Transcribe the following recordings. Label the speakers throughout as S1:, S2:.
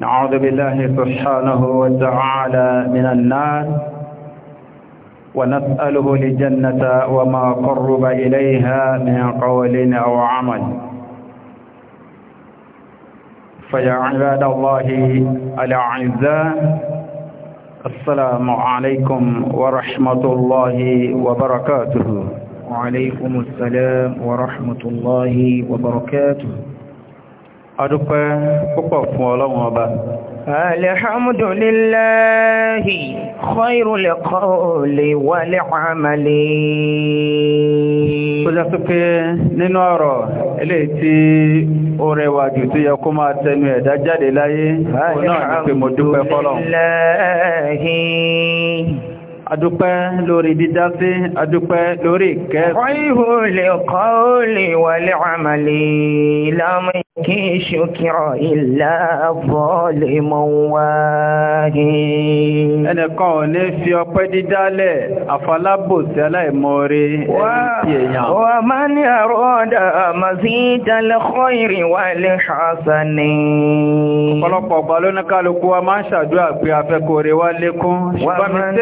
S1: نعوذ بالله سبحانه وتعالى من النار ونسأله لجنة وما قرب إليها من قول أو عمل فيا عباد الله الأعزاء السلام عليكم ورحمة الله وبركاته
S2: وعليكم السلام ورحمة الله وبركاته adúpẹ́ púpọ̀ fún ọlọ́run ọba alhamdulillahi khairul qawli wal amali tó jásí pé nínú ọ̀rọ̀ ilé tí ó rẹwà
S1: jù tó yẹ kó máa tẹnu ẹ̀dá jáde láyé náà ní pé
S2: adúpẹ́ lórí dídá sí adúpẹ́ lórí ìkẹ́. Khairul qawli wal amali kí ṣòkìrọ̀ ilá bọ́ọ̀lì mọ̀ wáyé.
S1: ẹnìkan ò ní fi ọpẹ́ dídálẹ̀ àfalábòsí aláìmọ́re ẹ̀yìn èèyàn.
S2: wà má ní àrọ́dà àmàzí ìdálẹ́kọ́ ìrìn wà lè ṣàṣà ní. ọ̀pọ̀lọpọ̀ ọgbà ló wa máa ń ṣàdúrà pé afẹ́kọ̀ọ́rẹ́ wa
S1: lékún ṣùgbọ́n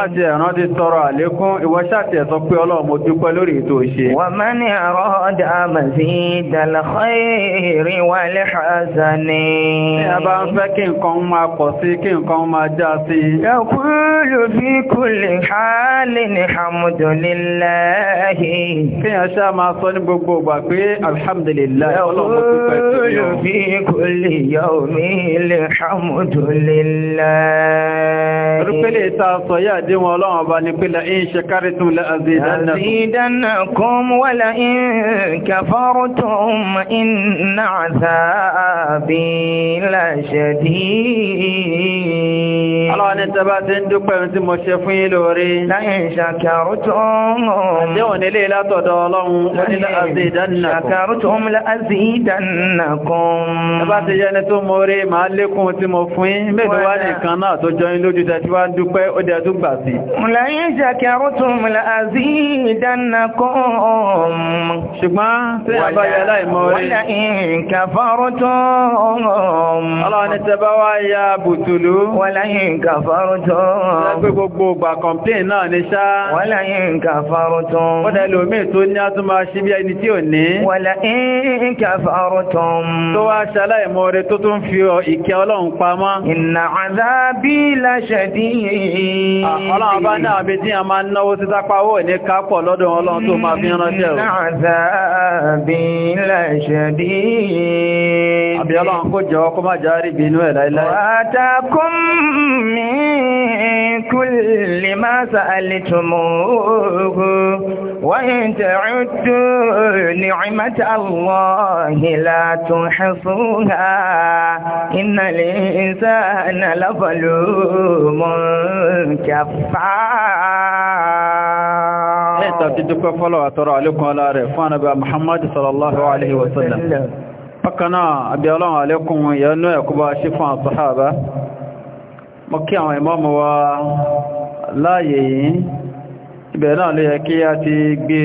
S2: bá jẹ ẹ̀rán ti tọrọ àlékún ìwọ́ṣàtì ẹ̀sọ pé Ọlọ́run mo dúpẹ́ lórí ètò ìṣe. wà má ní àrọ́ ọ̀dà àmàzí ìdàlọ́kọ́ èrè wà lẹ́hàáza ní a bá ń
S1: fẹ́ kí nǹkan máa pọ̀ sí kí nǹkan máa já sí. yaqulu fi kulli
S2: halin alhamdulillahi. kí yẹn ṣá máa sọ ní gbogbo ìgbà pé alhamdulillahi Ọlọ́run mo dúpẹ́ sí i. fi kulli yawmin alhamdulillahi. rúpẹ́lẹ̀ ìta sọ àdéhùn ọlọ́run ọba ní pílẹ̀ in shakartum la azidannakum wa la in kafartum inna azabi la shadid. Ọlọ́run ní
S1: tẹ́bá ti ń dúpẹ́ tí mo ṣe fún yín lórí. azidannakum. Shakartum ti yẹ ni tó mo rí màá lékún tí mo fún yín. Mélòó nìkan náà tó jọyín lójú tẹ́ tí wá ń dúpẹ́ ó dẹ̀ tó gbà sí.
S2: Mùláyé ìṣàkí àrútùn mùlá àzí ìdánakọ́ ọmọ. Ṣùgbọ́n tí a bá yà láì mọ́ rí. Wọ́n yà ìǹkà fárútùn ọmọ. Ọlọ́ni
S1: tẹ bá wá ya bùtùlú. Wọ́n yà ìǹkà fárútùn. Lẹ́gbẹ́ gbogbo ìgbà kọ̀m̀plẹ̀n
S2: náà ni ṣá. Wọ́n yà ìǹkà fárútùn. Ó dẹ̀
S1: Inna azabi la shadid. Ah, ọlọ́run bá náà bí tí a máa náwó sí sápáwó ní kápọ̀ lọ́dún ọlọ́run tó máa fi ránṣẹ́
S2: Àbí ọlọ́run kó jẹ́ ọkọ́ la tuhsuha innal insana lazalumun kafur.
S1: Ẹ̀ta ti dúpẹ́ fọ́lọ̀ àtọrọ àlékún ọlá rẹ̀ fún ànàbí Muhammadu sallallahu Alaihi wasallam. Bákanáà, àbí ọlọ́run àlékún ìyẹnú ẹ̀kúbá sí fún àtọ́hábá. Mọ́ kí àwọn ìmọ́mù wa láàyè yìí, ibẹ̀ náà ló yẹ kí a ti gbé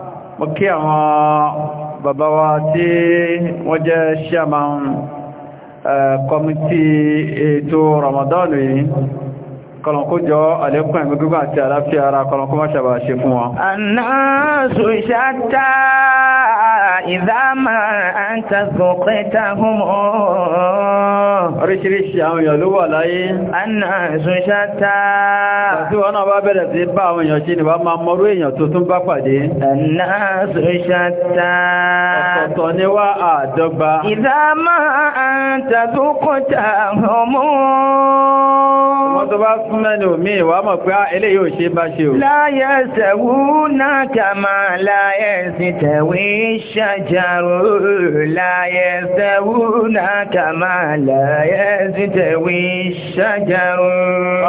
S1: mo kí àwọn bàbá wa tí wọ́n jẹ́ chairman kọmitì eh, ètò Ramadan yìí kọlọ̀kú jọ àlékún ẹ̀mí gúgbà àti àlàáfíà ara kọlọ̀kú má ṣàbà ṣe fún wọn.
S2: Ànáàsù ṣáta ìdámà àtàkùnkẹta húnmọ́.
S1: Oríṣiríṣi àwọn èèyàn ló wà láyé. Ànáàsù ṣáta. Àti wọn náà bá bẹ̀rẹ̀ sí bá àwọn èèyàn ṣe ni bá máa mọrú èèyàn tó bá pàdé. Ànáàsù ṣáta ọ̀tọ̀ ni wá
S2: àdọ́gba. Ìdá máa ń tàbíkọta ọmọ. Wọ́n tó bá fún
S1: mẹ́nu mi wà mọ̀ pé ah, eléyìí ò ṣe bá ṣe o. Láyé ṣẹ̀wú
S2: náà kà máa láyé sí tẹ̀wé ṣàjàrò. Láyé ṣẹ̀wú náà kà máa láyé sí tẹ̀wé ṣàjàrò.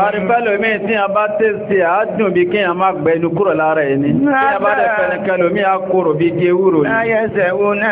S2: Àrífẹ́lò
S1: mi tí a bá tẹ̀sí àádùn bí kí a máa gbẹnu kúrò lára ẹni. Tí a bá dẹ̀ fẹ́ni
S2: kẹlòmí á kúrò bí gé wúrò ni. Láyé ṣẹ̀wú náà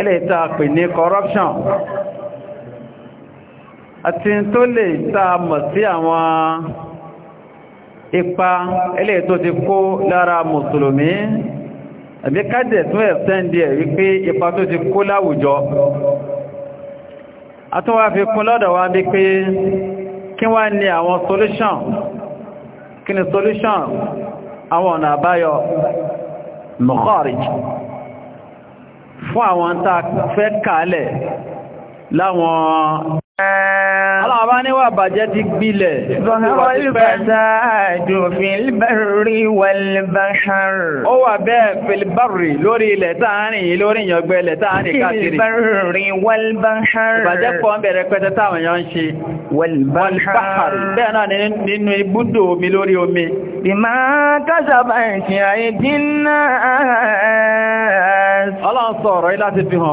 S1: ilẹ̀ ìta pè ní corruption àti tó lè ta mọ̀ sí àwọn ipa ilẹ̀ tó ti kó lára mùsùlùmí àbí kádẹ̀ tún ẹ̀sẹ́ndì ẹ̀ wípé ipa tó ti kó láwùjọ àtúnwà fi kún lọ́dọ̀ wa bí pé kí wá ní àwọn solution kí ni solution àwọn ọ̀nà àbáyọ mọ̀kọ́rìjì fún àwọn tá fẹ́ kàálẹ̀ láwọn Aláwọ̀bá ní wà bàjẹ́ ti gbilẹ̀. Zọ̀nàwọ̀
S2: ìbàdájò fìlbàrí wàlbàṣàr. Ó wà bẹ́ẹ̀ fìlbàrí lórí ilẹ̀ táàrin
S1: yìí lórí ìyàngbẹ́
S2: ilẹ̀ táàrin káàkiri. Fìlbàrí wàlbàṣàr. Ìbàjẹ́ pọ̀ ń
S1: bẹ̀rẹ̀ pẹ́tẹ táwọn èèyàn ń ṣe. Wàlbàṣàr.
S2: Bẹ́ẹ̀ náà nínú
S1: ibùdó omi lórí omi.
S2: Bìmá kásábà ìṣẹ́ àìdínà.
S1: Ọlọ́run sọ̀rọ̀ yìí láti fi hàn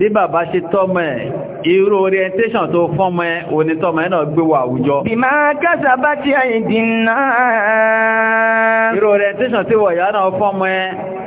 S1: bí bàbá ṣe tọ́mọ ẹ̀ irú orientation tó fọ́mọ ẹ̀ onítọ́mọ ẹ̀ náà gbé wà àwùjọ. bí máa
S2: kásà bá ti àyè náà. irú orientation tí wọ̀yá
S1: náà fọ́mọ ẹ̀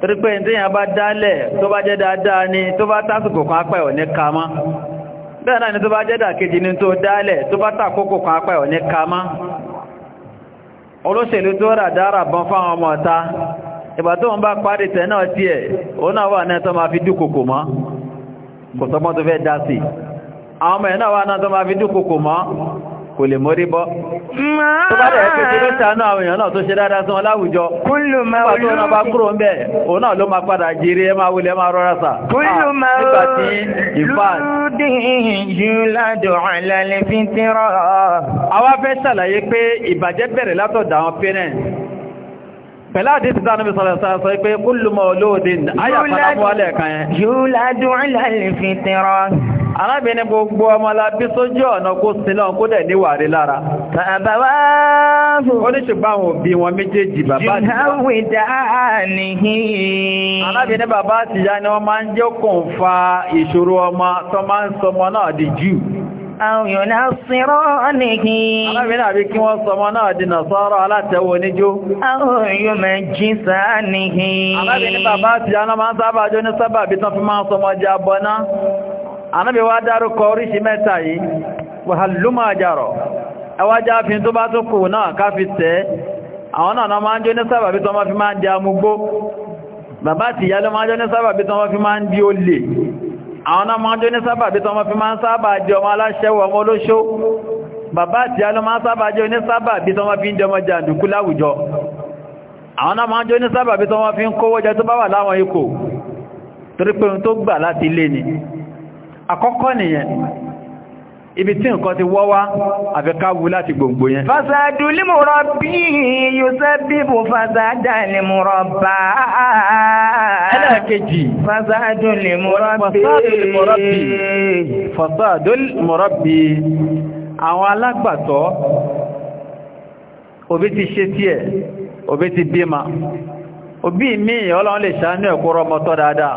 S1: torí pé ní tíyàn bá dálẹ̀ tó bá jẹ́ dáadáa ni tó bá tásìkò kan apẹ́ ò ní ká bẹ́ẹ̀ náà ni tó bá jẹ́ dàkejì ni tó dálẹ̀ tó bá tàkókò kan apẹ́ ò ní ká mọ́ olóṣèlú tó rà dára bọ́n fáwọn ọmọ ọ̀ta ma kò lè mórí bọ́. tó bá dẹ̀ ẹ̀kẹ́ tí ló ṣàánú àwọn èèyàn náà tó ṣe dáadáa sí wọn láwùjọ. kúlù máa wúlò nígbà tó náà bá kúrò ń bẹ̀ òun náà ló máa padà jírí ẹ máa wulẹ̀ máa rọra sà. kúlù ah, máa wúlò
S2: jùládùn àlàlẹ́ fi ti rọ̀. àwa
S1: fẹ́ ṣàlàyé pé ìbàjẹ́ bẹ̀rẹ̀ látọ̀dọ̀ àwọn parents pẹ̀lá àdísì tánà bí sọ̀rọ̀ sọ pé kúlù máa wúlò dín ayà arábìnrin gbogbo ọmọlábí sójú ọ̀nà kó sílọ́n kó dẹ̀ níwà rí lára bàbá wá fún oníṣùgbọ́n òbí wọn méjèèjì bàbá
S2: arábìnrin bàbá àtìyá ni wọ́n máa ń jẹ́ kòǹfà
S1: ìṣòro ọmọ tó máa ń sọmọ náà di jù
S2: àwòyàn sírọ́ nìkí.
S1: Alábìnrin àbí kí wọ́n sọmọ náà dínà sọ́rọ̀ anábi wá dárúkọ oríṣi mẹ́ta yìí wàhálùmọ̀ àjàrọ̀ ẹwàjá fi tó bá tó kù náà ká fi tẹ́ àwọn náà máa ń jó ní sábàbí tó máa fi máa ń di amúgbó bàbá àti ìyá ló máa ń jó ní sábàbí tó máa fi máa ń di olè àwọn náà máa ń jó ní sábàbí tó máa fi máa ń sábà di ọmọ aláṣẹ́wọ̀ ọmọ olóṣó bàbá àti ìyá ló máa ń sábà jó sábàbí tó máa fi ń kówó jẹ tó bá wà láwọn ikò torípé ohun tó gbà láti ilé ni àkọ́kọ́ nìyẹn ibi tí nǹkan ti wọ́wá wá láti yẹn.
S2: fasadu limurọ bí yusabibu fasada limurọ bá. ẹlẹ́ẹ̀kejì. fasadu
S1: limurọ bí. àwọn alágbàtọ́ òbí ti ṣe tiẹ̀ òbí ti bímọ òbí mi ọlọ́run lè ṣàánú ẹ̀kọ́ rọmọtọ́ dáadáa.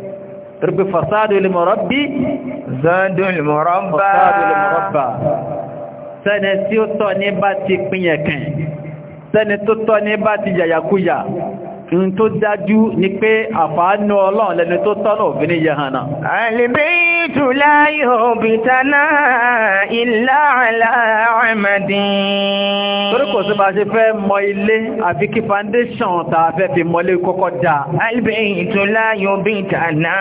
S1: torípé fasádù ilé mọ̀rọ́bí zọ́ndù ilé mọ̀rọ́bá sẹ́ni tí ó tọ́ ní bá ti pínyẹ̀kẹ̀ sẹ́ni tó tọ́ ní bá ti yàyàkúyà ń tó dájú ní pé àfáànú ọlọ́run lẹ́nu tó tọ́nà òfin yẹhànà.
S2: àlèbéètù láyé òbítánà ilá aláàmàdín. torí kò sí bá ṣe fẹ́ mọ ilé àfi kí foundation tá a fẹ́ fi mọlé kọ́kọ́ dá. àlèbéètù láyé òbítánà.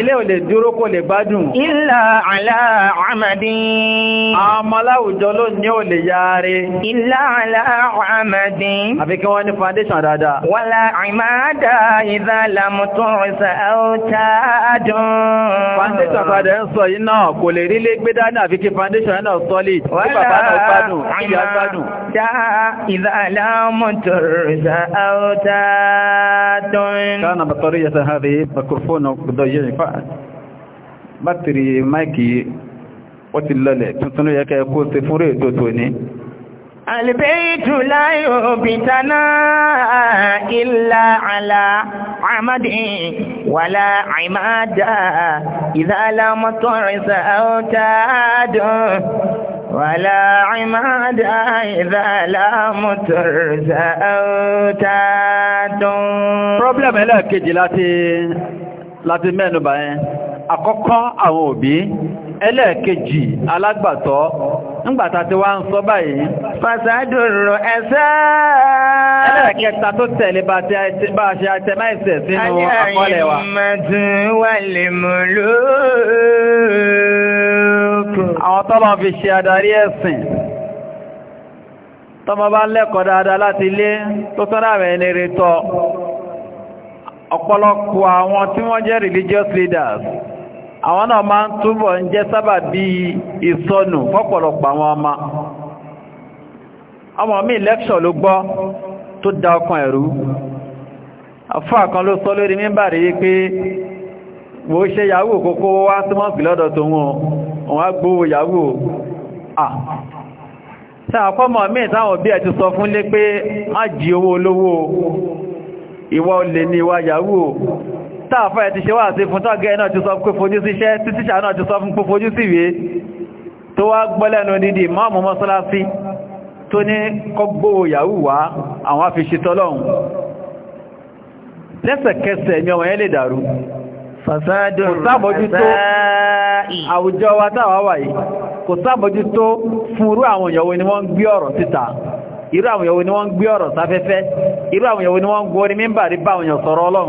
S2: ilé ò lè dúró kò lè gbádùn. ilá aláàmàdín. àmọ́ ló ní ò lè yáre. ilá aláàmàdín. àfi wọ́n nípa foundation dáadáa. wàlá ìmáàdà ìdálàmùtòrìsà àwòtádùn. foundation
S1: padà ń sọ yìí náà kò lè rí lé gbé dání àfi foundation na solid. wàlá ìmáàdà
S2: ìdálàmùtòrìsà àwòtádùn. كان بطارية هذه ميكروفون ضيق
S1: باتري مايكي ó ti lọlẹ̀ tuntun ló yẹ kẹ́ kó ṣe fún rèé tó tó ní
S2: Àlìbẹ́ẹ̀tù láì òbìtaná ìlà àlà àmàdì wàlá àìmáàdà ìdálámọ́tọ̀ ìsà àwọ̀tàádùn wàlá àìmáàdà ìdálámọ́tọ̀ ìsà àwọ̀tàádùn.
S1: Problem ẹlẹ́ẹ̀kejì láti láti mẹ́nubà yẹn, àkọ́kọ́ àwọn òbí, ẹlẹ́ẹ̀kejì alágbàtọ́ nígbàtà tí wá ń sọ báyìí fàṣádòrò ẹ̀sẹ́ ẹlẹ́kẹta tó tẹ̀lé bá
S2: ṣe àtẹ́má ìsẹ̀ sínú àkọọ́lẹ̀ wa àwọn tọ́lọ̀ fi ṣe adarí ẹ̀sìn
S1: tọ́mọ bá lẹ́kọ̀ọ́ dáadáa láti ilé tó sọ́nà rẹ̀ ní retọ́ ọ̀pọ̀lọpọ̀ àwọn tí wọ́n jẹ́ religious leaders àwọn náà máa ń túbọ̀ ń jẹ́ sábà bí ìsọnù fọ́pọ̀lọpọ̀ àwọn ọmọ ọmọ mi lẹ́kṣọ̀ ló gbọ́ tó da ọkàn ẹ̀rú afọ́ àkan ló sọ lórí mímbàrí pé mo ṣe yàwó kókó wá tí wọ́n pì lọ́dọ̀ tó wọn wọ́n gbówó yàwó ah tààkọ́mọ̀ mí táwọn bí ẹ ti sọ fún lé pé ìwà yàwó táàfà ẹ̀ ti ṣe wà sí fún tọ́gẹ́ náà ti sọ pé fojú síṣẹ́ tí tíṣà náà ti sọ fún pé fojú síwé tó wá gbọ́lẹ̀nu dídì máàmù mọ́sálásí tó ní kọgbó yàwó àwọn afiṣitọ́lọ́hun ni ọmọ yẹn lè dàrú fasádù kò sábójútó àwùjọ wa táwa wà yìí kò sábójútó fún irú àwọn ni wọ́n ń gbé ọ̀rọ̀ síta irú àwọn ni wọ́n ń gbé ọ̀rọ̀ sáfẹ́fẹ́ irú bá àwọn ìyàn ọlọ́run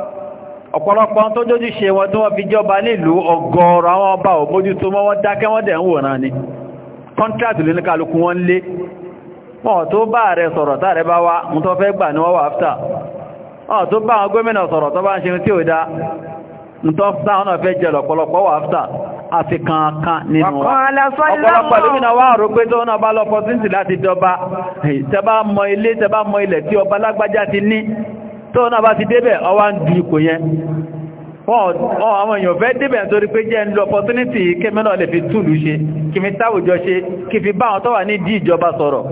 S1: ọ̀pọ̀lọpọ̀ tó jójú ṣe wọn tó wọ́n fi jọba nílùú ọgọ́rọ̀ àwọn ọba ò mójútó mọ́ wọ́n dákẹ́ wọ́n dẹ̀ ń wòrán ni kọ́ntrátì lè ní kálukú wọ́n lé wọ́n tó bá rẹ̀ sọ̀rọ̀ tààrẹ bá wá mú tó fẹ́ gbà ní wọ́n wà áfíà wọ́n tó bá àwọn gómìnà sọ̀rọ̀ tó bá ń ṣe tí ó dá tó sáwọn fẹ́ jẹ lọ̀pọ̀lọpọ̀ wà áfíà àti kankan nínú wa ọ̀pọ̀lọpọ̀ lómìnà wá tó náà bá ti débẹ̀ ọwá ń du ipò yẹn àwọn èèyàn fẹ́ débẹ̀ torí pé jẹ́ ń ọpọtúnítì opportunity lè fi túlù ṣe fi táwùjọ ṣe kí fi bá àwọn ní ìjọba sọ̀rọ̀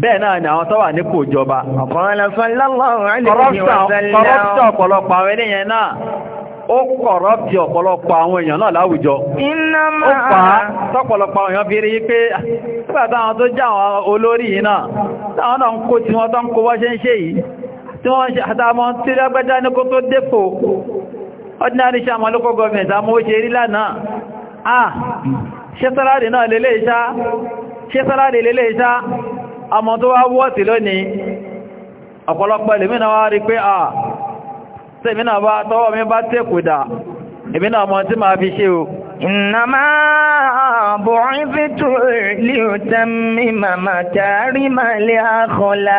S1: bẹ́ẹ̀ náà ni àwọn ní kò jọba ó kọ̀rọ̀ bí ọ̀pọ̀lọpọ̀ àwọn èèyàn náà láwùjọ. iná máa ó tọ́pọ̀lọpọ̀ àwọn èèyàn fi rí pé àwọn tó jẹ́ àwọn olórí táwọn náà ń kó tí tí wọ́n ṣe àtàmọ́ tí lágbàjá ní kó tó dépò ordinary ṣe àwọn local government àmọ́ ó ṣe rí lánàá ah ṣe sálárì náà lélé ìṣá ṣe sálárì lélé ìṣá àmọ́ tó wá wọ́tí lónìí ọ̀pọ̀lọpọ̀ ìlúmínà wá rí pé à
S2: tẹ́mínà bá tọwọ́ mi bá tẹ́kùdà ìmínà إنما بعثت لأتمم مكارم الأخلاق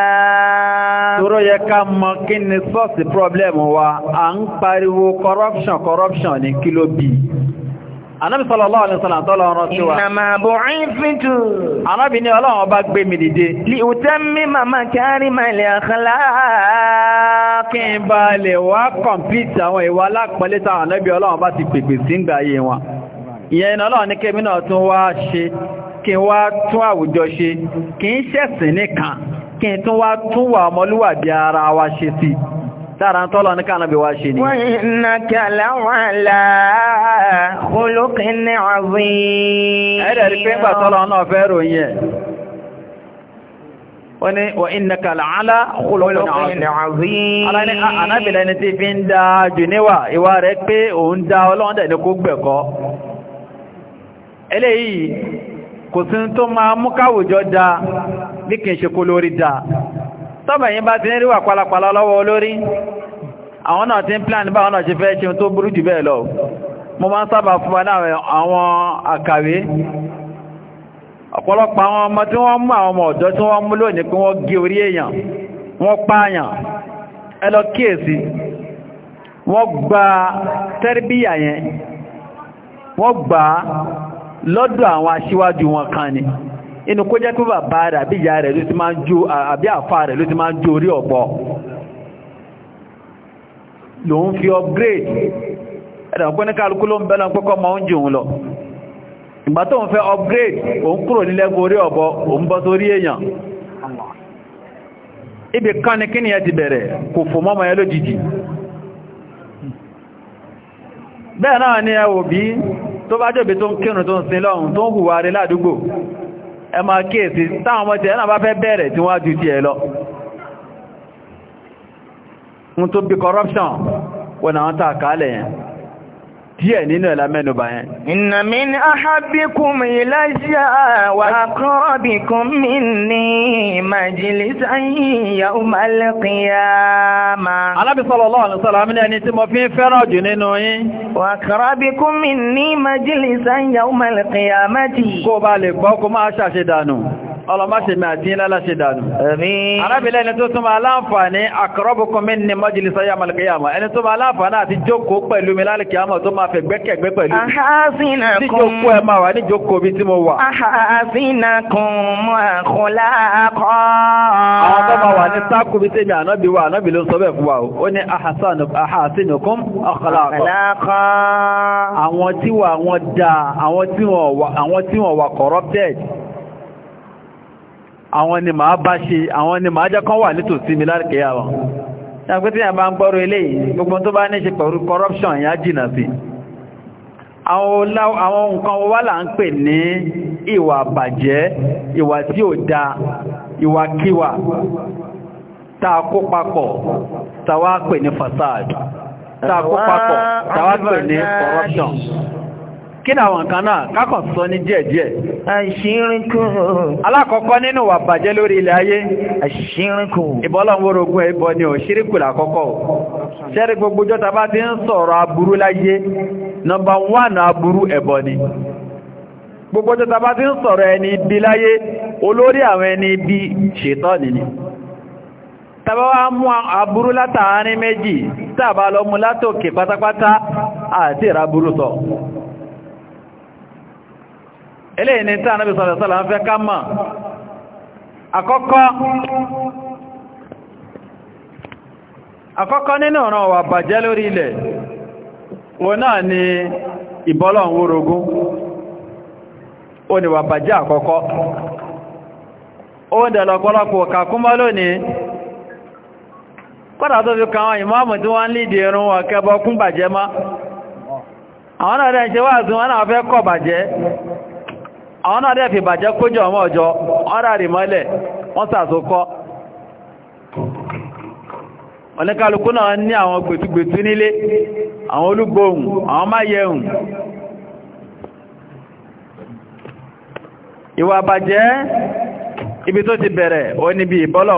S1: Tòrò yẹ ká mọ kí ni sọ́ọ̀sì pọ́blẹ́mù wa, à ń pariwo corruption corruption ní kí ló bí. Anábì sallallahu alaihi wasallam tọ́lọ ọ̀rọ̀ sí wa. Innama bu'ithu. Anábì ní ọlọ́run ọba gbé mi dìde. Li
S2: utammima makarima al-akhlaq.
S1: Kí n bá lè wá kọ̀mpítì àwọn ìwà alápọ̀lẹ́ta àwọn anábì ọlọ́run bá ti pèpè sí ń ayé wọn. ìyẹn iná náà ní kémi náà tún wá ṣe kí wá tún àwùjọ ṣe kí í ṣẹ̀sìn nìkan kí n tún wá tún wà ọmọlúwàbí ara wa ṣe sí tára tọ́lọ ní kánàbí
S2: wá ṣe ni. wọ́n iná wọ́n là kólókè ní ọ̀gbìn. ẹ̀rẹ̀ ni ti ah, fi
S1: ń da jù níwà ìwà rẹ̀ pé òun da ọlọ́run dẹ̀ kó gbẹ̀kọ́ eléyìí kò sí tó máa mú káwùjọ da bí kìí ṣe kó lórí da tọ́bẹ̀ yìí bá ti ní ríwà pálapàla lọ́wọ́ olórí àwọn náà ti ń plan bá àwọn náà ṣe fẹ́ ṣe tó burú jù bẹ́ẹ̀ lọ mo máa ń sábà fún wa náà àwọn àkàwé ọ̀pọ̀lọpọ̀ àwọn ọmọ tí wọ́n mú lọ́dọ̀ àwọn aṣíwájú wọn kan ni inú kó jẹ́ pé bàbá rẹ̀ àbí ìyá rẹ̀ ló ti máa ń jó àbí àfá rẹ̀ ló ti máa ń jó orí ọ̀pọ̀ lòun fi upgrade ẹ̀dà pé ní kálukú ló ń bẹ́lọ pẹ́kọ́ upgrade òun kúrò ní lẹ́gbọ́ orí ọ̀bọ òun bọ́ sórí èèyàn ibi kan ní bẹ́ẹ̀ náà ni ẹ bí tó bá jòbí tó ń kírùn tó ń sin lọ́hun tó ń hùwà rí ládúgbò ẹ máa kíyèsí táwọn ọmọ tẹ̀ náà bá fẹ́ bẹ̀rẹ̀ tí wọ́n ju ti ẹ̀ lọ ń tó bí corruption wọ́n àwọn tàà kálẹ̀ yẹn díẹ̀ nínú ẹ̀lá mẹ́nubà yẹn.
S2: Inna min ahabbikum ilayya wa aqrabikum minni majlisan yawmal qiyamah. Ànábì sallallahu alaihi wasallam ní ẹni tí mo fi ń fẹ́ràn jù nínú yín. Wa aqrabikum minni majlisan yawmal qiyamati.
S1: Kó bá lè gbọ́ kó máa ṣàṣedànù ọlọ́máṣe mi àti ìlàláṣe dànù. arábìnrin ẹni tó tún máa láǹfààní aqrabukum minni majlisa yawmal ẹni tó máa láǹfààní àti jókòó pẹ̀lú mi lálẹ́ tó máa fẹ̀ gbẹ́kẹ̀gbẹ́ pẹ̀lú mi. níjókòó ẹ máa tí mo wà. àwọn tí wọ́n wà corrupted àwọn ni màá bá ṣe àwọn ni màá jẹ́ kán wà nítòsí mi lárìkẹ́ àwọn ṣàpẹ́ tí a bá ń gbọ́rọ̀ eléyìí gbogbo tó bá ní ṣe pẹ̀lú corruption yá jìnà sí àwọn nǹkan wà là ń pè ní ìwà bàjẹ́ ìwà tí ò da ìwàkíwà tàà kó papọ̀ pè ní fasad
S3: tàà kó pè ní corruption
S1: kíni àwọn nǹkan náà kákàn sọ ní díẹ̀díẹ̀. àṣírìnkù. alákọ̀ọ́kọ́ nínú wà bàjẹ́ lórí ilẹ̀ ayé. ìbọ́lọ́wọ́rogún ẹbọ ni ò ṣírìnkù làkọ́kọ́ ò. ti ń sọ̀rọ̀ aburú láyé nọmba one aburú ẹbọ ni. ẹni olori ẹni bi ele ni tí ànábì sọlọsọla sọ̀rọ̀ ń fẹ́ ká mọ̀ àkọ́kọ́ àkọ́kọ́ nínú bàjẹ́ lórí ilẹ̀ wọn náà ni ìbọ́lọ̀ ń wórogún bàjẹ́ àkọ́kọ́ ó ń dẹ̀lọ pọ́lọpọ̀ kàkúnmọ́ lónìí kọ́dà tó fi kàwọn tí wọ́n irun kún bàjẹ́ má àwọn àwọn náà dẹ̀ fi bàjẹ́ kójọ ọmọ ọjọ́ ọ́rà rí mọ́lẹ̀ wọ́n sàsókọ́ oníkàlùkù náà ní àwọn gbẹ̀tugbẹ̀tu nílé àwọn olúgbòhùn àwọn máyẹ̀hùn ìwà bàjẹ́ ibi tó ti bẹ̀rẹ̀ o níbi ìbọ́lọ̀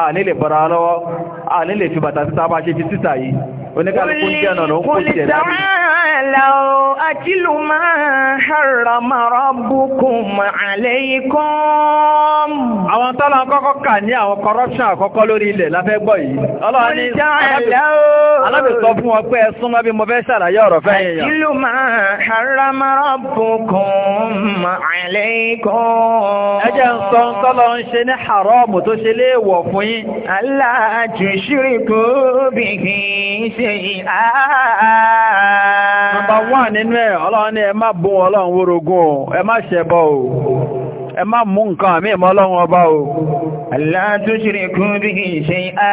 S1: a nílẹ̀ bọ́ra lọ́wọ́ a nílẹ̀ fi bàtà síta bá ṣe fi síta yìí oníkàlùkù jẹ́ ọ̀nà ó kò jẹ́ lábí
S2: àwọn tọ́lá kọ́kọ́ kà ní àwọn
S1: corruption àkọ́kọ́ lórí ilẹ̀ láfẹ́ gbọ́ yìí ọlọ́wọ́ alábẹ̀sọ fún wọn pé ẹ̀sùn mo fẹ́ ṣàlàyé ọ̀rọ̀ fẹ́
S2: yín. Allah tushriku ṣe shay'a. Nọmba wà nínú ẹ̀, ọlọ́run
S1: ní ẹ máa bú ọlọ́run wórogún o, ẹ má ṣẹbọ o, ẹ máa mú nǹkan àmì ìmọ̀ ọlọ́run ọba o. Allah tushriku bihi
S2: shay'a.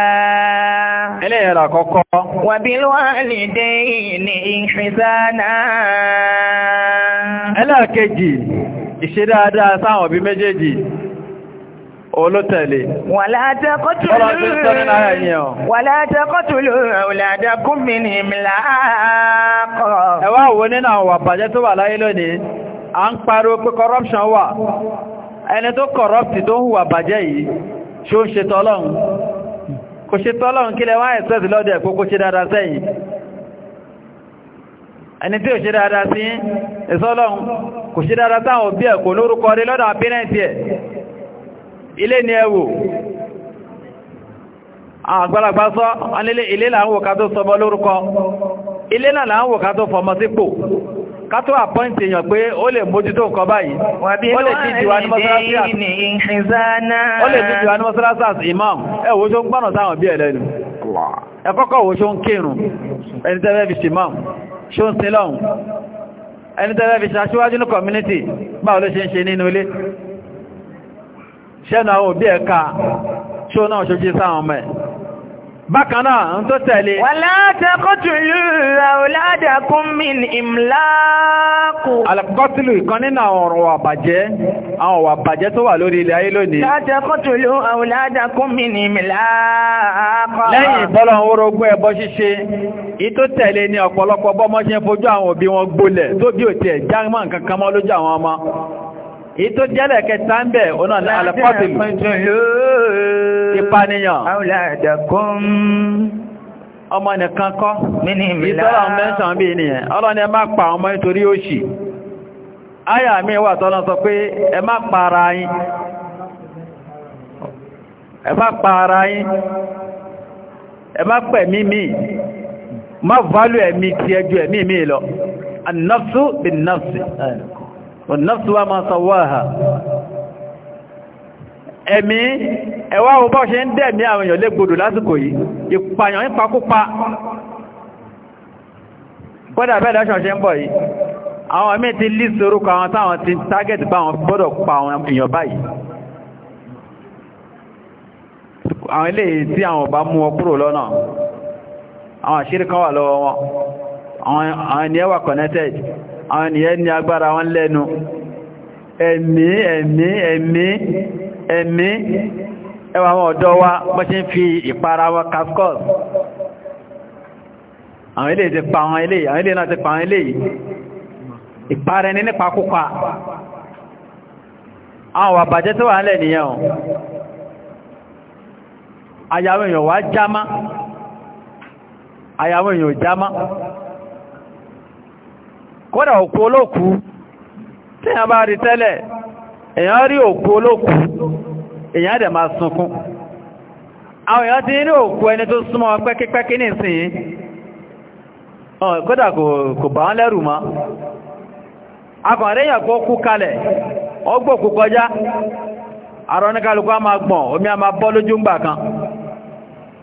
S2: Ẹlẹ́yìn ṣe
S1: ìhá olótẹ̀lé.
S2: wàlá tẹ́kọ̀tù lóòrùn ọlọ́run tó sọ nínú ara ẹ̀yìn ọ̀. wàlá tẹ́kọ̀tù lóòrùn ọ̀làdàkùn mi ní ìmìlá kọ̀. ẹ wá
S1: wo nínú àwọn àbàjẹ́ tó wà láyé lónìí à ń pariwo pé corruption wà ẹni tó corrupt tó hùwà bàjẹ́ yìí ṣó ń ṣe tọ́lọ́run kò ṣe tọ́lọ́run kí lẹ wá ẹ̀sẹ̀sì lọ́dẹ̀ kó kó ṣe dáadáa sẹ́yìn ẹni tí ò ṣe dáadáa sí ìsọ́lọ́run kò ṣe dáadáa sáwọn òbí ẹ̀ lórúkọ rí lọ́dọ̀ àbínẹ́ntì ẹ̀ ilé ni ẹwò àgbàlagbà sọ anílé ilé là ń wò ká tó sọmọ lórúkọ ilé náà là ń wò ká tó fọmọ sípò ká tó àpọ́ǹtì èèyàn pé ó lè mójútó nǹkan báyìí ó lè ti imam ẹni tẹ́lẹ̀ fi ṣìmọ́ ní community ló ṣe ń ṣe nínú ilé ṣẹ́nà àwọn òbí ẹ̀ka ṣó náà ṣojú sáwọn ọmọ ẹ̀ bákanáà ń tó tẹ̀lé wàlá taqtulu
S2: awladakum min imlaq
S1: alqatlu ìkan nínú àwọn ọ̀rọ̀ àbàjẹ́ àwọn ọ̀wà àbàjẹ́ tó wà lórí ilẹ̀ ayé lónìí la
S2: taqtulu awladakum min imlaq lẹ́yìn ìbọ́lọ̀
S1: orógún ẹbọ ṣíṣe ìtó tẹ̀lé ní ọ̀pọ̀lọpọ̀ bọ́mọ́ fojú àwọn òbí wọn gbólẹ̀ tó bí ò tiẹ̀ jágmọ́ èyí tó jẹ́lẹ̀ kẹta ń bẹ̀ ọ̀nà alẹ́kọ́tìlù ìpànìyàn ọmọ nìkan kọ́ ìtọ́lọ̀ mẹ́sàn bí nìyẹn ọmọ nítorí òṣì áyà mi wà tọ́lọ́ sọ pé ẹ má pa ara yín ẹ má pa ara mi má ẹ̀mí tí ẹjú ẹ̀mí mi lọ annafsu bin nafsi والنفس وما سواها ẹ̀mí ẹwà ọba ṣe ń dẹ̀mí àwọn èèyàn légbodò lásìkò yìí ìpàyàn ń pakúpa kọ́dà bẹ́ẹ̀ lọ́ṣọ́ ṣe ń bọ̀ yìí àwọn ẹ̀mí ti lè sorúkọ àwọn táwọn ti tágẹ̀tì bá wọn gbọ́dọ̀ pa àwọn èèyàn báyìí àwọn ilé tí àwọn ọba mú wọn kúrò lọ́nà àwọn àṣírí kan wà lọ́wọ́ wọn àwọn connected àwọn ènìyàn ní agbára wọn lẹ́nu ẹ̀mí ẹ̀mí ẹ̀mí ẹ̀mí ẹwà àwọn ọ̀dọ́ wa bọ́ ṣe ń fi ìpara wọn kaskọ́s àwọn ilé ti pa àwọn ilé àwọn ilé náà ti pa àwọn ilé ìpara ẹni nípa kópa àwọn àbàjẹ́ tó wà nílẹ̀ nìyẹn àyàwó èèyàn wá jámá kódà òkú olókú tí èyàn bá rí tẹ́lẹ̀ èyàn rí òkú olókú èyàn dẹ̀ máa sunkún àwọn èyàn ti ní òkú ẹni tó súnmọ́ pẹ́kípẹ́kí ní ìsìn kódà kò bá lẹ́rù akọ̀rẹ́yàn kó kú kalẹ̀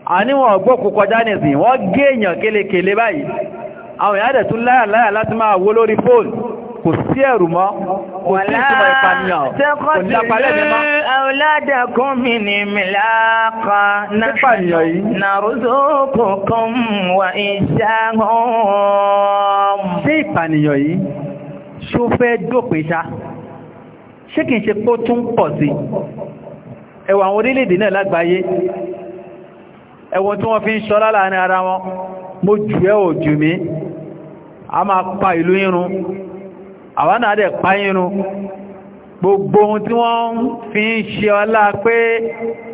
S1: a máa omi àwọn èèyàn dẹ̀ tún láyà láyà láti máa wó lórí fóònù kò sí ẹ̀rù mọ́ kò sí ìtumọ̀ ìpànìyàn kò ní apalẹ̀ mi mọ́. auladakum
S2: min milaqa narzuqukum wa iyyahum.
S1: ṣé ìpànìyàn yìí ṣó fẹ́ dópin ṣá ṣé kìí ṣe kó tún pọ̀ sí ẹwà àwọn orílẹ̀-èdè náà lágbàáyé ẹ̀wọ̀n tí wọ́n fi ń ṣọ́lá láàrin ara wọn mo jù ẹ́ ò jù mí a máa pa ìlú irun àwa náà dẹ̀ pa irun gbogbo ohun tí wọ́n fi ń ṣe ọlá pé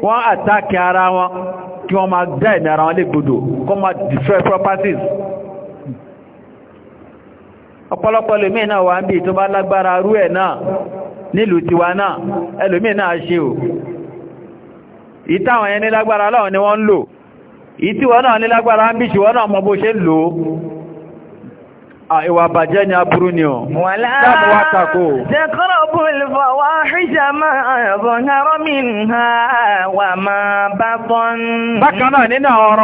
S1: wọ́n àtàkì ara wọn kí wọ́n máa dá ẹ̀mí ara wọn lè gbòdò máa destroy properties ọ̀pọ̀lọpọ̀ lèmí náà wà ń bí tó bá lágbára rú ẹ̀ náà nílùú tiwa náà ẹlòmí náà ṣe ò ìtàwọn ẹni lágbára lọ́wọ́ ni wọ́n ń lò ìtí wọ́n náà ní lágbára ń bí ṣe wọ́n náà mọ bó ṣe ń lò ìwà bàjẹ́ ni aburú ni ọ̀ dáàbò wá tako
S2: wa ma batan bákan náà nínú àwọn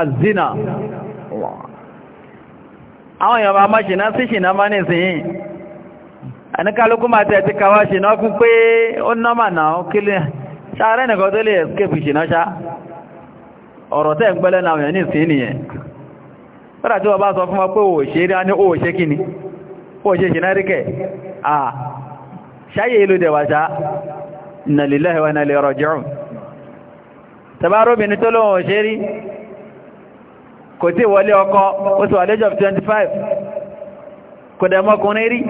S1: azina àwọn èèyàn bá má ṣìná sí ṣìná má ní yìí ẹnikálukú máa tẹ́ ti kàwá ṣìná fún pé ó nọ́mà náà kí lè ṣàárẹ́ nìkan tó lè escape ṣìná ṣá ọ̀rọ̀ tẹ́ ń gbẹ́lẹ́ náà yẹn ní ìsìn nìyẹn fẹ́rà tí wọ́n bá sọ fún wọn pé òṣè rí a ní òṣè kíni òṣè ṣìná rí kẹ́ à ṣáyé ìlú dẹ̀wà ṣá inna lillahi wa inna ilayhi raji'un tẹbáróbìnrin tó lóhun òṣè rí kò tí wọlé ọkọ oṣù àlejò 25 kò dẹ̀mọkùnrin rí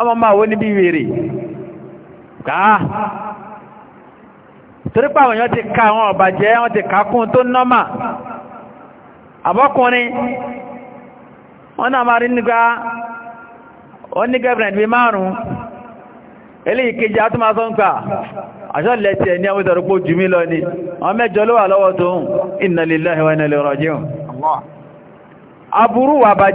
S1: ọmọ máa wó níbi ìwèrè káà torí pàwọn èèyàn ti ká àwọn ọ̀bàjẹ́ wọ́n ti kàákún tó nọ́mà àbọ́kùnrin wọ́n náà máa rí nígbà ó ní gẹ́bìnrin bí márùn-ún ilé ìkejì àtúmà tó ń pà àṣọ́lẹ̀ tí ẹni wa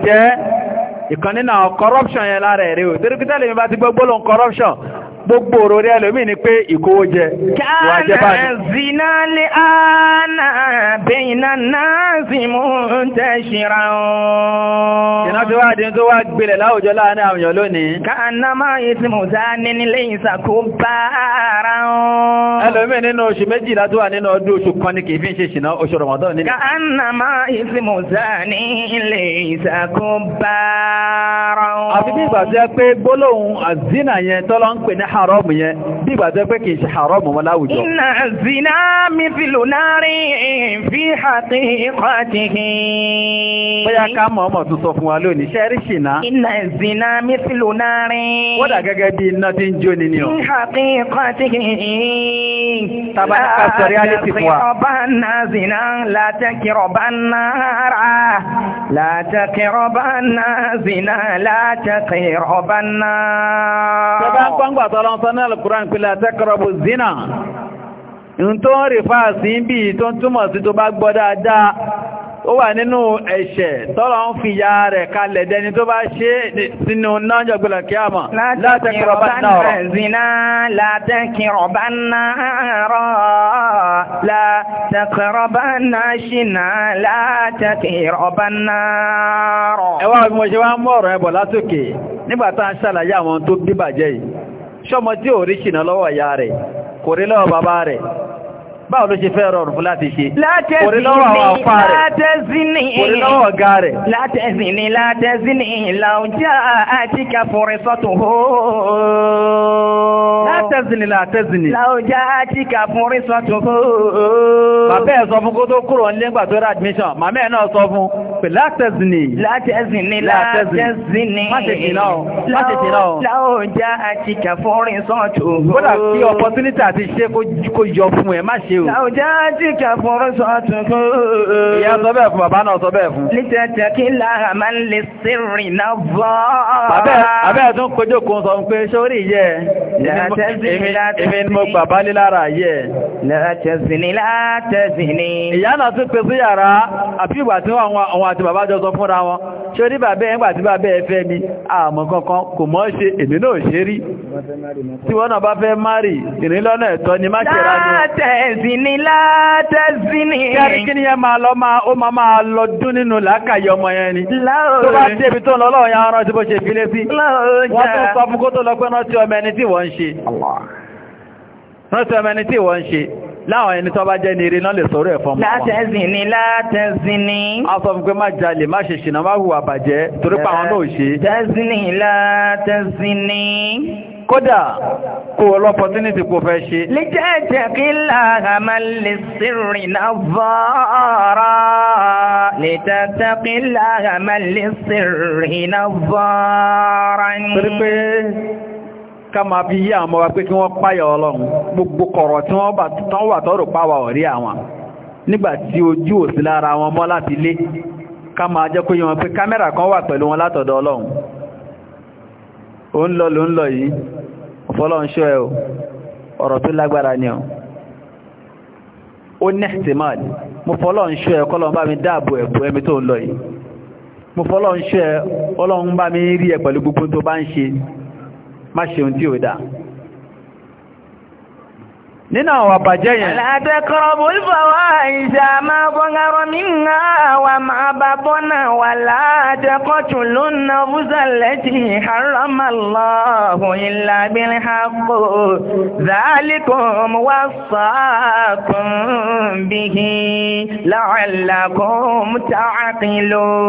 S1: inna ìkan nínú àwọn corruption yẹn lára ẹ̀rẹ́ ò torí kítẹ́lẹ̀ mi bá ti gbọ́gbọ́ corruption gbogbo ọ̀rọ̀ rẹ̀ lómi ni pé ìkówó jẹ wà
S2: zina lè ánà bẹ́yìnà náà sì mú tẹ́ ṣíra ọ́. iná tí wá dín tó wá gbilẹ̀ láwùjọ láàrin àwọn èèyàn lónìí. káàná máa yìí tí mo ẹlòmí nínú oṣù méjìlá tó wà nínú ọdún oṣù
S1: kan ni kì fi ń ṣe ṣìnà oṣù rọmọdọ́ ni.
S2: káàná máa ní nílé ìsàkó bá
S1: ara ọ́. pé gbólóhùn àzínà yẹn tọ́lọ́ ń pè ní haram yẹn bí ìgbà tó pé kìí ṣe haram wọn láwùjọ.
S2: iná zina mi fi lò láàrin fi hàtí ìkọ́tìhì. bóyá ká mọ̀ ọmọ
S1: tó sọ fún wa lónìí ṣe rí ṣìnà. iná zina mi fi lò láàrin. wọ́n dà gẹ́gẹ́ bí iná tí ń
S2: jó ni ni o. fi hàtí
S1: ọlọ́run sọ náà Al-Qur'an pé la zina ń tó ń rí fàásí bí tó ń túmọ̀ sí tó bá gbọ́ dáadáa ó wà nínú ẹ̀ṣẹ̀ tọ́lọ ń fi ya rẹ̀ kalẹ̀ dẹni tó bá ṣe sínú náàjọ gbọ́lọ̀ kí a mọ̀ látẹ́kìrọ̀bá náà zina látẹ́kìrọ̀bá
S2: náàrọ̀ látẹ́kìrọ̀bá náà ṣìnà látẹ́kìrọ̀bá náàrọ̀
S1: ẹwà bí mo ṣe wá mọ́ ọ̀rọ̀ ẹbọ̀ látòkè nígbàtà ṣàlàyé àwọn tó bíbàjẹ́ yìí ṣọ́mọ tí ò rí ṣìnà lọ́wọ́ ìyá rẹ̀ kò rí lọ́wọ́ bàbá rẹ̀ báwo ló ṣe fẹ́ rọrùn
S2: fún láti ṣe orí lọ́wọ́ àwọn afá rẹ̀ orí lọ́wọ́ ọ̀gá rẹ̀ látẹ́zìní látẹ́zìní láújá àti kàfùrí sọ́tù hóó látẹ́zìní látẹ́zìní láújá àti kàfùrí sọ́tù hóó
S1: bàbá ẹ̀ sọ fún kó tó kúrò ní nígbà tó rà admission màmá ẹ̀ náà sọ fún pé látẹ́zìní látẹ́zìní látẹ́zìní má ṣe jìnà o má ṣe jìnà o láújá àti kàfùrí sọ́tù hóó kódà kí opportunity àti ṣe kó yọ fún ẹ má ṣe o. Àwùjá
S2: ti kà fọ́rọ́ sọ àtúnkún. Ìyá sọ bẹ́ẹ̀ fún bàbá náà sọ bẹ́ẹ̀ fún. Lítẹ̀tẹ̀ kí lára máa ń lè sírìn náà bọ́. Abẹ́
S1: ẹ̀tún kojú kun sọ pé sórí yẹ. Èmi ni mo gbà bá lé lára yẹ. Látẹ̀sìnì látẹ̀sìnì. Ìyá náà tún pe sí yàrá àbí ìgbà tí àwọn àti bàbá jọ sọ fúnra wọn. Sórí bàbá ẹ̀ ń gbà mi, àmọ́ kankan kò mọ́ ṣe èmi náà ṣe rí. Tí wọ́n náà bá fẹ́ márì, ìrìnlọ́nà ẹ̀tọ́ ni má ṣe
S2: zini láta zini. Kẹ́rí
S1: kí ni yẹn máa lọ máa ó máa máa lọ dún nínú làákàyè ọmọ yẹn ni. Láòrè. Tó bá débi tó lọ lọ́wọ́ yẹn ti bó ṣe fi sí. Láòrè. Wọ́n tún sọ fún kó tó lọ pé láwọn ẹni tó bá jẹ́ ní eré náà lè sọ̀rọ̀ ẹ̀fọn mọ́ wọn. látẹ̀zìní látẹ̀zìní. a sọ fún pé má jalè má ṣe ṣìnà má hùwà bàjẹ́ torí pa àwọn náà ò ṣe. tẹ̀zìní látẹ̀zìní. kódà kò wọ́n lọ́pọ̀tínítì kò fẹ́ ṣe. lè
S2: jẹ́ ẹ̀jẹ̀ kí láàmà lè sí rìnà ká máa
S1: fi yí àwọn ọmọ wa pé kí wọ́n páyà ọlọ́run gbogbo kọ̀rọ̀ tí wọ́n bá tán wà tọ́rọ páwà ọ̀rí àwọn nígbàtí ojú ò sí lára wọn mọ́ láti lé ká máa jẹ́ kó yé wọn pé kámẹ́rà kan wà pẹ̀lú wọn látọ̀dọ̀ ọlọ́run ó ń lọ yìí ọ̀fọ́lọ́run ṣọ́ ẹ ọ̀rọ̀ tó lágbára ni ọ ó nẹ́ẹ̀tìmáà mo fọ́lọ́run ṣọ́ ẹ kọ́lọ́run bá mi dáàbò ẹ̀bù ẹ̀mí tó ń lọ yìí mo fọ́lọ́run ṣọ́ ẹ ọlọ́run bá mi rí ẹ pẹ̀lú gbogbo tó bá ń ṣe má ṣe ohun tí ó dá nínú àwọn àbàjẹ́ yẹn. Àtẹ́kọ̀ọ́bù ìfọwọ́
S2: ìjà máa bọ́ngárọ́ nínú àwọn máa bá bọ́nà wà látẹ́kọ̀ọ́tù ló ń na fúsàlẹ̀ tí haramallahu illa bil haqqo zalikum wasaqum bihi la'allakum ta'qilun.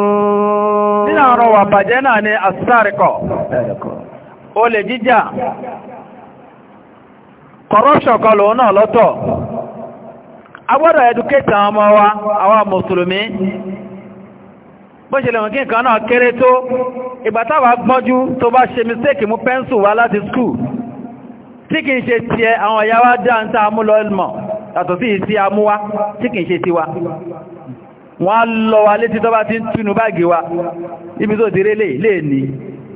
S2: Nínú àwọn àbàjẹ́ náà ni
S1: àsárikọ̀ olè jíjà corruption kan lòun náà lọ́tọ̀ agbọ́dọ̀ educate àwọn ọmọ wa àwọn mùsùlùmí bó ṣe lè wọ́n kí nǹkan náà kéré tó ìgbàtàwà gbọ́njú tó bá ṣe mistake mú pẹ́ńsù wá láti school tí kìí ṣe ti ẹ àwọn ìyá wa dá ń tàà mú lọ ìmọ̀ yàtọ̀ sí ìsí amúwá tí kìí ṣe ti wa wọ́n á lọ wa létí tó bá ti ń túnú báàgì wa ibi tó ti lè ní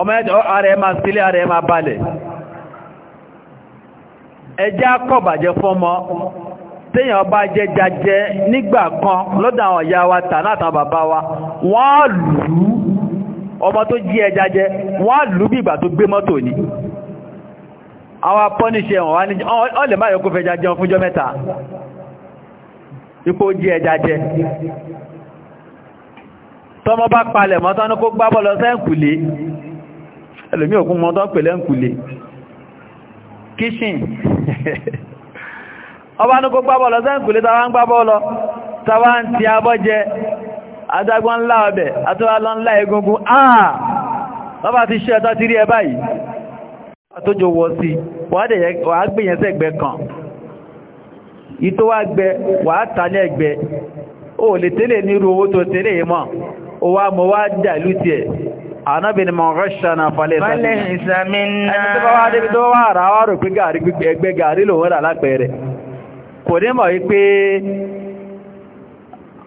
S1: ọmọ ẹjọ́ ààrẹ ma sílé ààrẹ ma balẹ̀ ẹjá kọ̀bàjẹ́ fọ́mọ téèyàn bá jẹ́ jajẹ́ nígbà kan lọ́dọ̀ àwọn ìyá wa tà látà bàbá wa wọ́n lù ú ọmọ tó jí ẹ jajẹ́ wọ́n lù ú bí ìgbà tó gbé mọ́tò ni àwọn apọ́níṣẹ́ wọ́n ní ọlẹ̀ máa yọkú fẹ́ jajẹ́ fúnjọ́ mẹ́ta ipò jí ẹ jajẹ́ tọ́mọ bá palẹ̀ mọ́tánú kó gbábọ́ lọ sẹ́ǹkùlé ẹlòmí òkun mọ́ tán pẹ̀lẹ́ ń kùlé kíṣìn ọba ní kó gbábọ́lọ sẹ́ǹkùlé tàwà ń gbábọ́lọ tàwà ń ti abọ́jẹ adágbọ́n ńlá ọbẹ̀ àtọ́wà ńlá egungun àà ah! lọ́bà ti ṣe ẹ̀tọ́ ti rí ẹ báyìí àtójò wọ sí wà á gbìyànṣẹ́ ẹgbẹ́ kan ìtò wá gbẹ wà á tàlẹ̀ ẹgbẹ́ o lè tẹ́lẹ̀ nírú owó tó tẹ́lẹ̀ yìí mọ́ anábì ni mọ̀ rẹ́ṣà na falẹ̀
S2: ìsàmìnà a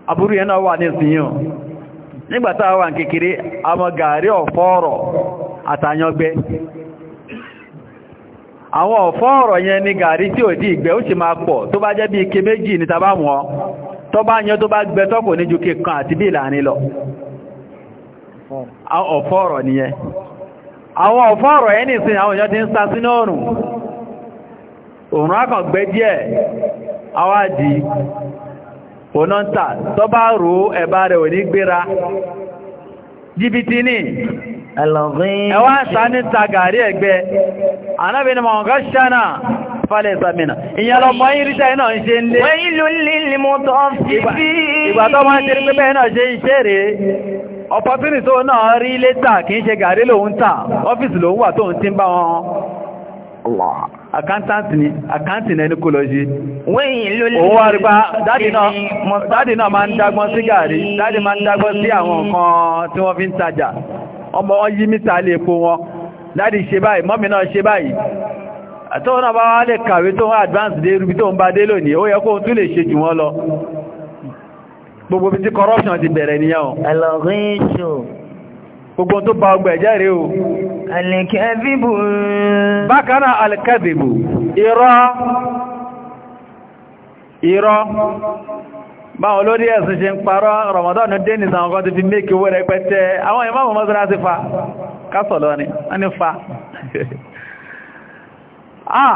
S1: ẹgbẹ́ yẹn náà wà ní ìsinyàn nígbàtá wà ń kékeré àmọ́ gàrí ọ̀fọ́ọ̀rọ̀ àtàyàngbẹ́ àwọn ọ̀fọ́ọ̀rọ̀ yẹn ni tí ò ìgbẹ́ ó sì máa pọ̀ tó bá jẹ́ bí ike méjì ní tó bá tó bá tọ́kù ní ju kíkan àti bí n'i nìyẹn àwọn ọ̀fọ́ọ̀rọ̀ ẹni sin àwọn èèyàn ti ń sá sínú ọ̀rùn òrùn akọ̀gbẹ́ díẹ̀ awádìí onáta tó bá rú ẹ̀bá rẹ̀ ní gbéra jìbìtì ní ẹwà ta ní ẹgbẹ́ mọ̀ ọ̀gá ṣánà falẹ̀ ìsàmìnà lọ iná ṣe ń lé ìgbà tó máa ṣe rí pẹ́pẹ́ iná ṣe ń ṣe rèé opportunity náà rí létà kì í ṣe gàrí lòun tà ọ́fíìsì lòun wà tó ń tí ń bá wọn accountant ni accounting ẹni kò lọ ṣe òun wá rí bá ah, dáàdì náà máa ń dágbọ́n sí gàrí dáàdì máa ń dágbọ́n sí àwọn tí wọ́n fi ń tajà ọmọ yí mítà lè po wọn ṣe báyìí mọ́mí náà ṣe báyìí àtọ́wọ́n náà bá wá lè kàwé tó advance dé rúbi tó ń bá dé gbogbo bí tí corruption ti bẹ̀rẹ̀ níyàn o. ẹlọ́rin ìṣò. gbogbo tó bá ọgbẹ̀ jẹ́rìí o. alìkẹ́bìbù. bákan náà alìkẹ́bìbù irọ́ irọ́ báwọn olórí ẹ̀sùn ṣe ń parọ́ Ramadan dennis àwọn kan ti fi méèkì owó rẹpẹtẹ àwọn ìmáàmù mọ́sánà ti fa kásọ̀lọ́ ni wọ́n ni fa ah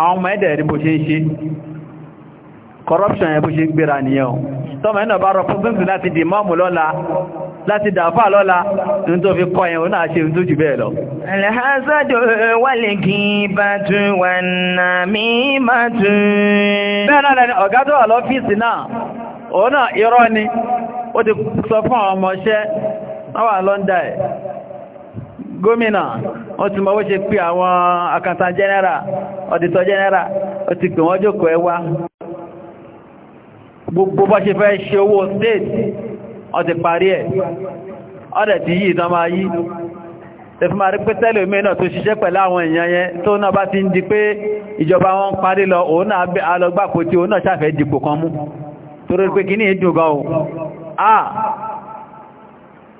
S1: àwọn ọmọ ẹ̀dẹ̀ rí bó ṣe ń ṣe corruption ẹ̀ bó ṣe ń gbéra tọ́mọ̀ di mọ́mù lọ́la láti dàfà lọ́la tó fi kọ́ ẹ̀hùn náà ṣe tó jù bẹ́ẹ̀ lọ.
S2: alhazadu wà ni ó ti sọ fún
S1: wọ́n wà lọ́ndà gómìnà ó ti mọ́ bó ṣe pé àwọn akantan general auditor general ó ti pè wọ́n jókòó ẹwà gbogbo bá ṣe fẹ́ ṣe owó state ó ti parí ẹ̀ ọ́dẹ̀ ti yí ìtàn máa yí tẹfún máa rí pé tẹ́lẹ̀ omi náà tó ṣiṣẹ́ pẹ̀lú àwọn èèyàn yẹn tó náà bá ti ń di pé ìjọba wọn parí lọ òun náà alọgbàpò tí òun náà ṣàfẹ́ dìpò kan mú torí pé kí ní ìdùn gan ohun ah!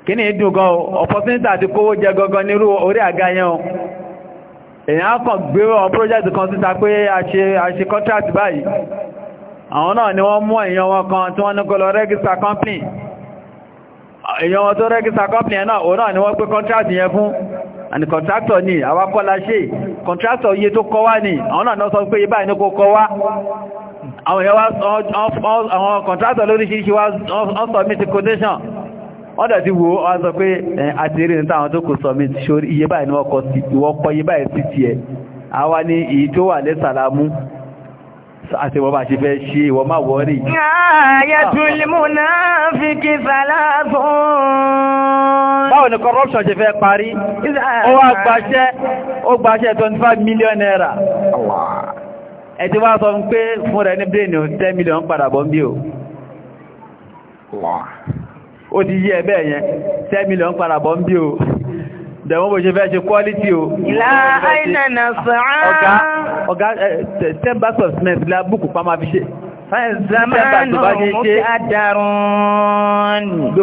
S1: kíní dùn gan opportunity àti kówó jẹ gangan nírú orí àga yẹn èyàn kàn gbé ọ project kan síta pé a ṣe contract báyìí àwọn náà ni wọ́n mú èyàn wọn kan tí wọ́n ní kó lọ register company èyàn wọn tó register company ẹ̀ náà òun náà ni wọ́n pé contract yẹn fún and contractor ni àwa kọ́ la ṣe contractor iye tó kọ́ wá ni àwọn wọ́n dẹ̀ ti wo wọ́n sọ pé àtìrí ní táwọn tó kò sọ mi ṣorí iye báyìí ni wọ́n kọ sí ìwọ́n kọ iye báyìí sí tiẹ̀ àwa ni èyí tó wà lẹ́sàlámú àti wọ́n bá ṣe fẹ́ ṣe ìwọ máa wọ́ rí.
S2: ayatul corruption ṣe fẹ́ parí ó wá gbaṣẹ́
S1: ó gbaṣẹ́ 25 million naira ẹ ti wá sọ pé fún rẹ̀ ní brain 10 million padà bọ́ ń bí o ó ti yí ẹ̀bẹ́ yẹn 10 million parabọ̀ ń bí o dẹ̀wọ́n bó ṣe fẹ́ ṣe quality o láàáìnà ọ̀gá ọ̀gá 10 bags of cement lábùkù pa máa fi ṣe Fẹ́zàmánù mú ti adarun. Do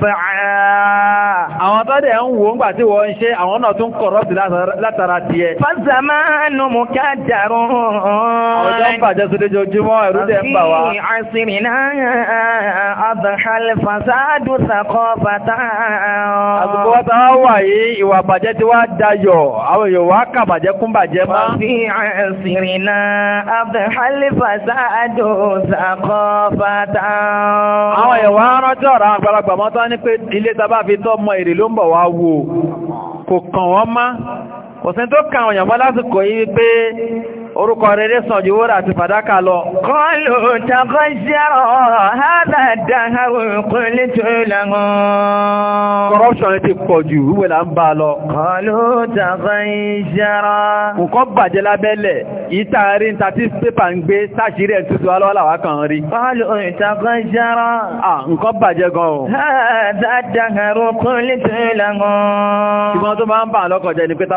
S2: sàá. Àwọn tọ́dẹ̀ ń wò ń gbà
S1: tí wọ́n ń ṣe àwọn náà tún kọ̀rọ̀pù látara ti ẹ. Fọ́sàmá nù mú ká dàrú. Ọjọ́ ń bàjẹ́ sí lójoojúmọ́ ẹ̀rú dẹ̀ ń bà wá.
S2: Àsìkò wọ́n tán wà yìí
S1: ìwà bàjẹ́ ti wá dayọ̀, àwọn èèyàn wá kà bàjẹ́ kún bàjẹ́ mọ́. Àwọn
S2: èèyàn
S1: wá rántí ọ̀rọ̀ àgbàlagbà mọ́ àwọn tó ní pé ilé tàbá fi tọ́ mọ èrè ló ń bọ̀ wá wò kò kàn wọ́n má kò sí tó kàn òyìnbá lásìkò yìí pé orúkọ rere sàn jù wúrà àti fàdákà lọ. kọlù tàbí ṣẹ́rọ̀
S2: hábà dáhàrù
S1: kò lè tó lọ́wọ́. corruption ti pọ̀ jù wíwẹ̀ là ń bá a lọ. kọlù tàbí ṣẹ́rọ̀. nǹkan bàjẹ́ lábẹ́lẹ̀ ìta rí níta tí pépà ń gbé sáṣírí ẹ̀ tuntun alọ́wọ́ làwa kan rí. kọlù tàbí ṣẹ́rọ̀. à nǹkan bàjẹ́ gan o.
S2: hábà dáhàrù kò lè tó lọ́wọ́.
S1: ṣùgbọ́n tó máa ń bà lọ́kọ̀ jẹ́ ni pé ta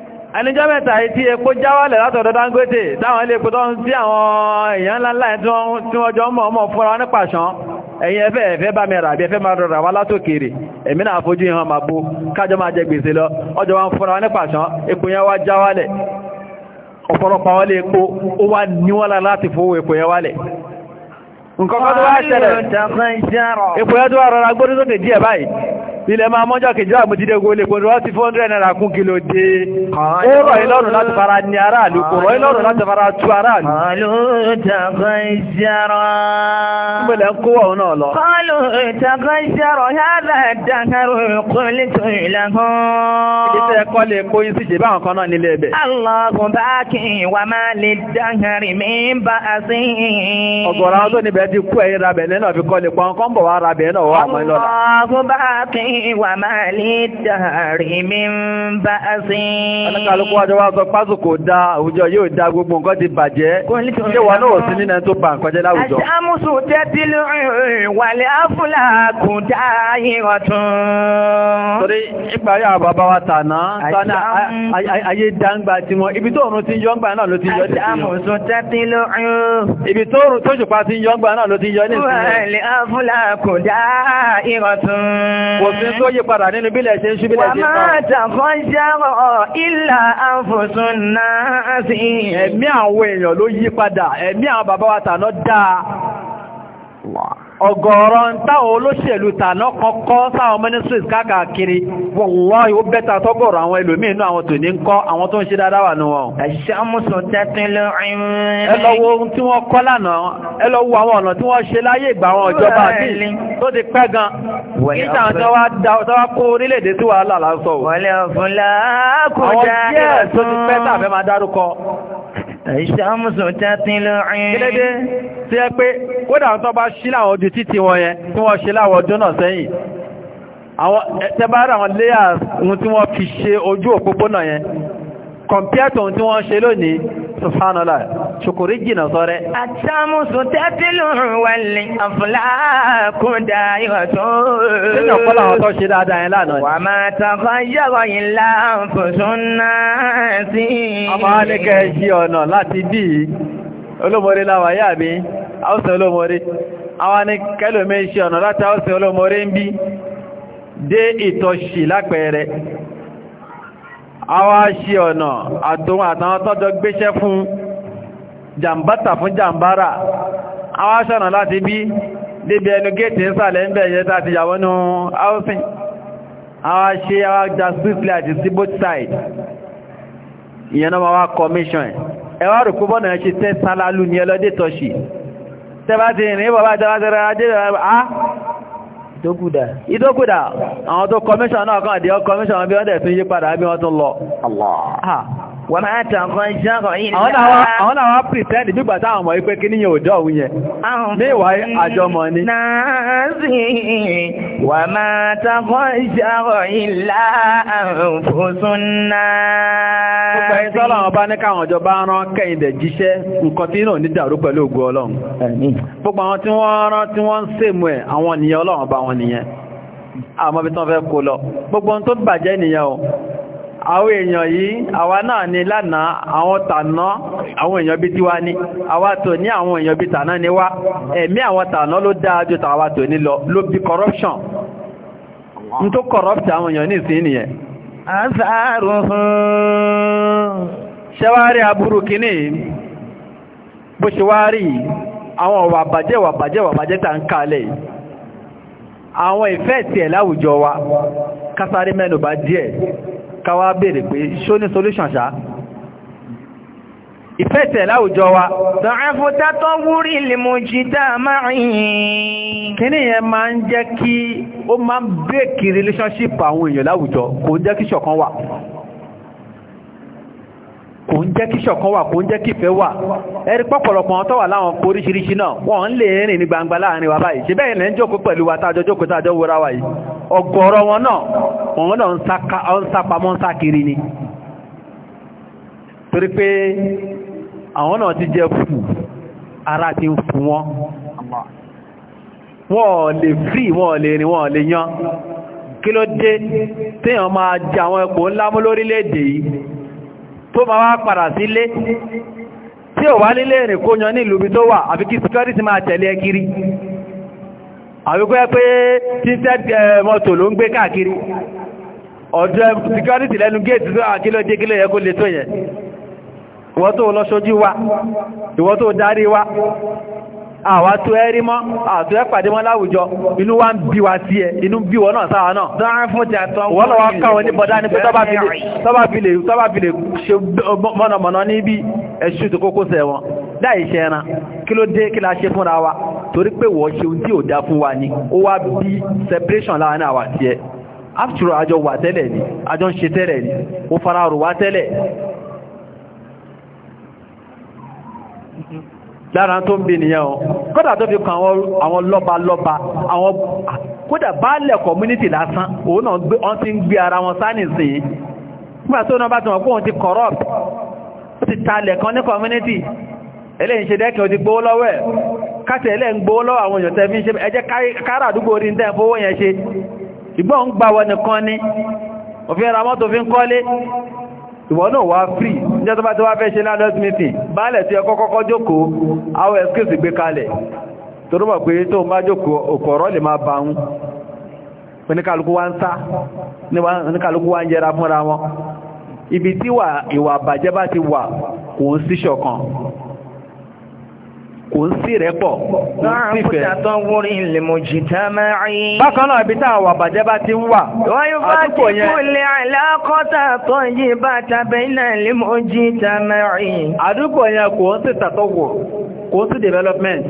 S1: ẹnijọ́ mẹ́ta tí epo jáwálẹ̀ látọ̀dọ̀ Dangote táwọn ilé epo tó ń sí àwọn èèyàn ńláńlá tí wọ́n jọ mọ̀ mọ̀ fúnra ní pàṣán ẹ̀yin ẹfẹ́ ẹ̀fẹ́ bá mẹ́ra àbí ẹfẹ́ máa rọrọ̀ àwọn alátòkèrè ẹ̀mí náà fojú ìhàn máa bó kájọ máa jẹ gbèsè lọ ọjọ́ wọn fúnra ní pàṣán epo yẹn wá jáwálẹ̀ ọ̀pọ̀lọpọ̀ àwọn ilé epo ó wá níwọ́lá láti fowó epo yẹn wálẹ̀ nǹkan kan tó wá ṣẹlẹ̀ epo yẹn tó wá rọra gbórí sókè díẹ̀ báyìí ilẹ̀ máa mọ́jọ́ kejì láàmú dídé owó lè pọ̀lú láti 400 náírà kún kí ló dé ó rọ̀ ìlọ́rùn láti fara ní aráàlú kò rọ̀ ìlọ́rùn láti fara tú aráàlú. ọ̀gọ̀rọ̀ àwọn tó níbẹ̀ ti kú ẹ̀yìn rabẹ̀ lẹ́nà fi kọ́ lè pọ́n kọ́ ń bọ̀ wá rabẹ̀ náà wà mọ́ ìlọ́la.
S2: bá kí wà máa lè dàrí mi ń bá a sí. Ẹnìkàlùkù wájọ
S1: sọ pásù kò àwùjọ yóò dá gbogbo nǹkan ti bàjẹ́. Ṣé náà sí nínú ẹni tó bà nǹkan jẹ́ láwùjọ?
S2: Àṣàmùsù tẹ́tí wàlẹ̀ áfúlà kò dá ìrọ̀
S1: tún. ìparí àwọn bàbá wa tàná, sọ́nà ayé dáńgbà tí wọ́n, ibi tó òrùn ti yọ́ ńgbà ńgbà náà ló ti yọ́ ní ìsinmi. Wàlẹ̀ áfúlà kò dá ìrọ̀
S2: tún.
S1: Òfin tó yí padà nínú bílẹ̀ ṣe ń ṣú bílẹ̀ ṣe náà. Wà máa tàkọ́ járọ̀ ìlà àfòsùn náà sí. Ẹ̀mí àwọn èèyàn ló yí padà, ẹ̀mí àwọn bàbá wa tàná dáa. Wà ọ̀gọ̀ọ̀rọ̀ ń táwọn olóṣèlú tàná kọ́kọ́ sáwọn ministries káàkiri wallahi ó bẹ́ta tọ́gọ̀rọ̀ àwọn ẹlòmíì inú àwọn tò ní ń kọ́ àwọn tó ń ṣe dáadáa wà ní wọn. àṣàmùsùn tẹ́tún ló ń wo ohun tí wọ́n kọ́ lánàá ẹ wo àwọn ọ̀nà tí wọ́n ṣe láyé ìgbà àwọn ìjọba àti tó ti pẹ́ gan. kí táwọn tó wá kó orílẹ̀
S2: Ìṣàmùsùn tẹ́tí lórin. Kílédé tí
S1: ẹ pé kódà tó bá ṣí láwọn ojú títí wọn yẹn tí wọ́n ṣe láwọn ọdún náà sẹ́yìn. Àwọn tẹbára àwọn léyà ohun tí wọ́n fi ṣe ojú òpópónà yẹn. Kọ̀mpíẹ́tọ̀ ohun tí wọ́n ṣe lónìí subhanallah ṣokòrí jìnà sọ́rẹ́.
S2: àtàmùsù tẹ́tìlù wàlẹ̀ àfúlákúndà ìwọ̀tún. sínú ọ̀pọ̀lọ̀ àwọn tó ṣe dáadáa yẹn lánàá. wà máa tàkọ́ yọ̀rọ̀ yìí láàfùsùn náà sí. ọmọ alẹ́kẹ́ ṣí ọ̀nà láti bí olómọrí láwà yá mi
S1: áwùsàn olómọrí àwọn ni kẹlòmí ṣe ọ̀nà láti áwùsàn olómọrí ń bí dé ìtọ̀ṣì lápẹẹrẹ àwa ṣe ọ̀nà àtòun àtàwọn tọ́jọ gbéṣẹ́ fún jàmbátà fún jàmbára àwa ṣọ̀nà láti bí débi ẹnu gẹ́ẹ̀tì ìsàlẹ̀ ń bẹ̀ yẹ tàti yàwó nú áùsìn àwa ṣe àwa jà sílẹ̀ àti both side ìyẹn náà wá commission ẹwà rò púpọ̀ náà ṣe tẹ́ sálálù ní ẹlọ́dẹ́ tọ́ṣì tẹ́bá ti rìn bọ́bá ìdókùdà ìdókùdà àwọn tó kọmíṣàn náà kàn dé ọkọmíṣàn bí wọ́n dẹ̀ tún yí padà bí wọ́n tún lọ wọ́n máa tàkọ́ jọ́rọ̀ ilẹ̀ àwọn àwọn pìtẹ́ẹ̀dì bí gbàtà àwọn ìpé kí níyàn òjò òun yẹn
S2: mẹ́wàá àjọmọ̀ ni náàzí wà máa tàkọ́ jọ́rọ̀ ilẹ̀ àfòsúnná gbogbo
S1: ẹ̀yìn tọ́lọ̀ àwọn bá ní káwọn ìjọba rán kẹ́yìndẹ̀ jíṣẹ́ nǹkan tí náà ní dàrú pẹ̀lú ògùn ọlọ́run gbogbo àwọn tí wọ́n rán tí wọ́n ń sèmù ẹ̀ àwọn àwọn èèyàn yìí àwa náà ni lánàá àwọn tàná àwọn èèyàn bí tí wá ní àwa tò ní àwọn èèyàn bí tàná ni wá ẹ̀mí àwọn tàná ló dáa jù tàwa tò ní lọ ló bí corruption n tó corrupt àwọn èèyàn ní ìsìn nìyẹn ṣẹwárí aburú kìíní bó ṣe wá àwọn ọ̀wà bàjẹ́ wà bàjẹ́ wà bàjẹ́ tà ń kalẹ̀ àwọn ìfẹ́ ẹ̀ láwùjọ wa díẹ̀ káwá bèèrè pé ṣó ní solution ṣá ìfẹ́tẹ̀ láwùjọ wa dọ̀ẹ́fù tátọ́ wúrí lèmọ̀ jìdá márìn kíní yẹn máa ń jẹ́ kí ó máa ń break relationship àwọn èèyàn láwùjọ kò ń jẹ́ kí ṣọ̀kan wà kò ń jẹ́ kí ṣọ̀kan wà kò ń jẹ́ kí ìfẹ́ wà ẹ̀rí pọ̀pọ̀lọpọ̀ wọn tó wà láwọn oríṣiríṣi náà wọ́n ń lè rìn ní gbangba láàrin wa báyìí ṣe bẹ́ẹ̀ lẹ́ ń jókòó pẹ̀lú wa tájọ jókòó tájọ wúra wa yìí ọ̀gọ̀ọ̀rọ̀ wọn náà wọn náà ń sápamọ́ ni torí pé àwọn náà ti jẹ fù ara ti tó máa wá padà sílé tí ò wá nílé ìrìn kó yan ní ìlú bí tó wà àfi kí security máa tẹ̀lé ẹ kiri àwíkọ́ ẹ pé tinted eh, mọ́tò ló ń gbé káàkiri ọ̀dọ̀ security lẹ́nu gate tó ah, àwa tó ẹ́ rí mọ́ àtó ẹ́ pàdé mọ́ láwùjọ inú wa ń bí wa sí ẹ inú bí wọ́n náà sáwà náà dáa fún ti àtọ́ wọ́n lọ́wọ́ káwọn ní bọ̀dá ní pé tọ́bá fi lè ṣe mọ́nàmọ́ná níbi ẹ̀ṣù tó kókó sẹ̀ wọn láì ṣe ẹran kí ló dé kí la ṣe fúnra wa torí pé wọ́n ṣe ohun tí ò dá fún wa ni ó wá bí separation láàárín àwa tí ẹ after àjọ wà tẹ́lẹ̀ ni àjọ ń ṣe tẹ́lẹ̀ ni ó fara rò wá tẹ́lẹ̀ lára tó ń bí nìyẹn o kódà tó fi kan àwọn lọ́ba lọ́ba àwọn kódà baálẹ̀ community lásán òun náà wọ́n ti ń gbé ara wọn sáàni sí i nígbà tó náà bá ti wọ́n kóhun ti corrupt ó ti talẹ̀ kan ní community eléyìn ṣe dẹ́kẹ̀ ó ti gbówó lọ́wọ́ ẹ̀ káṣẹ̀ ilẹ̀ ń gbówó lọ́wọ́ àwọn èèyàn tẹ́fí ń ṣe ẹjẹ́ kára àdúgbò orí tẹ́ fowó yẹn ṣe ìgbọ́n ń gbà wọn nìkan ni òfin ra mọ́tò fi ìwọ náà wá free níjọ́ tó bá tó wá fẹ́ ṣe ní adult meeting báálẹ̀ tí ẹkọ́ kọ́kọ́ jókòó àwọn excuse gbé kalẹ̀ tó rúmọ̀ pé tó ń bá jókòó òkọ̀ọ̀rọ̀ lè máa bá ń oníkàlùkù wá ń sá oníkàlùkù wá ń yẹra fúnra wọn ibi tí ìwà àbàjẹ́ bá ti wà kò ń síṣọ̀kan kò sí rẹ̀ pọ̀
S2: kò ń sífẹ́. bákan àbàjẹ́ bá ti ń wà àdúgbò yẹn. àdúgbò yẹn kò ń sí tàtọ́wọ̀ kò sí development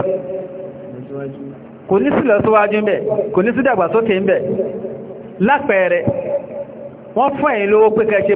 S1: kò ní sí lọ́síwájú ń bẹ̀ kò ní sí dàgbàsókè ń bẹ̀ lápẹẹrẹ wọ́n fún lówó pé kẹ́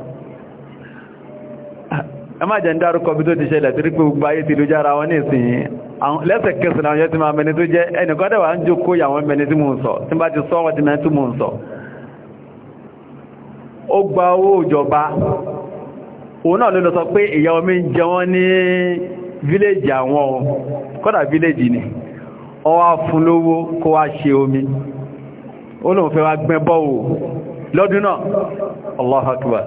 S1: ẹ má jẹ́ ń dárúkọ tó ti ṣẹlẹ̀ torí pé gbogbo ayé ti lójá ara wọn ní ìsìn lẹ́sẹ̀kẹsẹ̀ ti máa mẹni tó jẹ́ ẹnìkan dẹ̀wà ń jókòó yàwọn mẹni tí mò ń sọ tí bá ti sọ wọ́n ti mẹni tí ń sọ gba owó náà sọ pé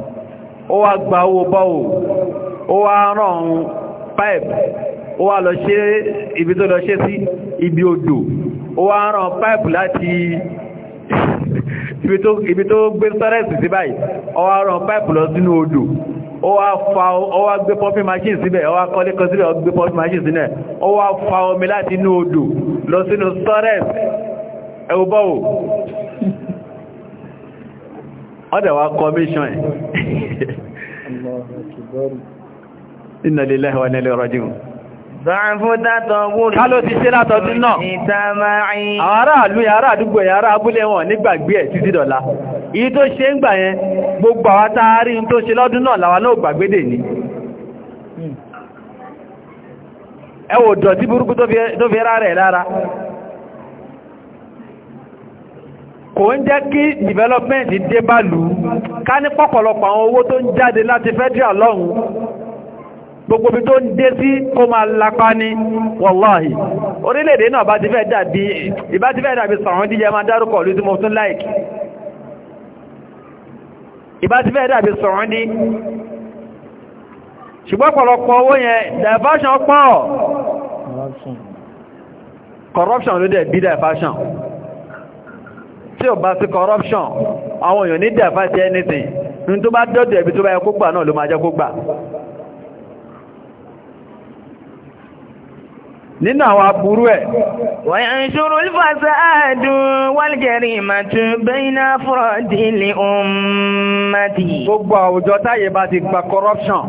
S1: ó wá gba owó bọ́wò ó wá rán pipe ó wá lọ ṣe ibi tó lọ ṣe sí ibi odò ó wá rán pipe láti ibi tó gbé sọ́rẹ́sì sí báyìí ó wá rán pipe lọ sínú odò ó wá fa ó wá gbé pumping machine síbẹ̀ ó wá kọ́lé kan síbẹ̀ ó gbé pumping machine síbẹ̀ ó wá fa omi láti inú odò lọ sínú sọ́rẹ́sì ẹ̀wọ̀ bọ́wọ̀ ọ̀dẹ̀ commission ẹ̀ inna lillahi wa inna ilayhi raji'un Káló ti ṣe látọdún náà. Àwọn ará ìlú yàrá àdúgbò yàrá abúlé wọn nígbàgbé ẹ̀ títí dọ̀la. Ìyí tó tó ṣe lọ́dún jẹ́ development dé bá lù ká ní àwọn owó tó ń gbogbo bí tó ń dé sí kó máa lápá ní wọ́láhì orílẹ̀-èdè náà bá ti fẹ́ dàbí ìbá ti fẹ́ dàbí sàwọn díjẹ máa dárúkọ ìlú tí mo tún láìkì ìbá ti fẹ́ dàbí sàwọn dí ṣùgbọ́n pọ̀lọpọ̀ owó yẹn diversion pọ̀ corruption ló dẹ̀ bí diversion tí ò bá sí corruption àwọn èèyàn ní divert anything ní tó bá dọ́dọ̀ ẹ̀bí tó bá yẹ kó gbà náà ló máa jẹ́ kó gbà
S2: nínú àwọn aburú ẹ̀. wa yanshuru al-fasadu wal-jarimatu bayna afradi l-ummati. gbogbo àwùjọ táyé bá ti gba corruption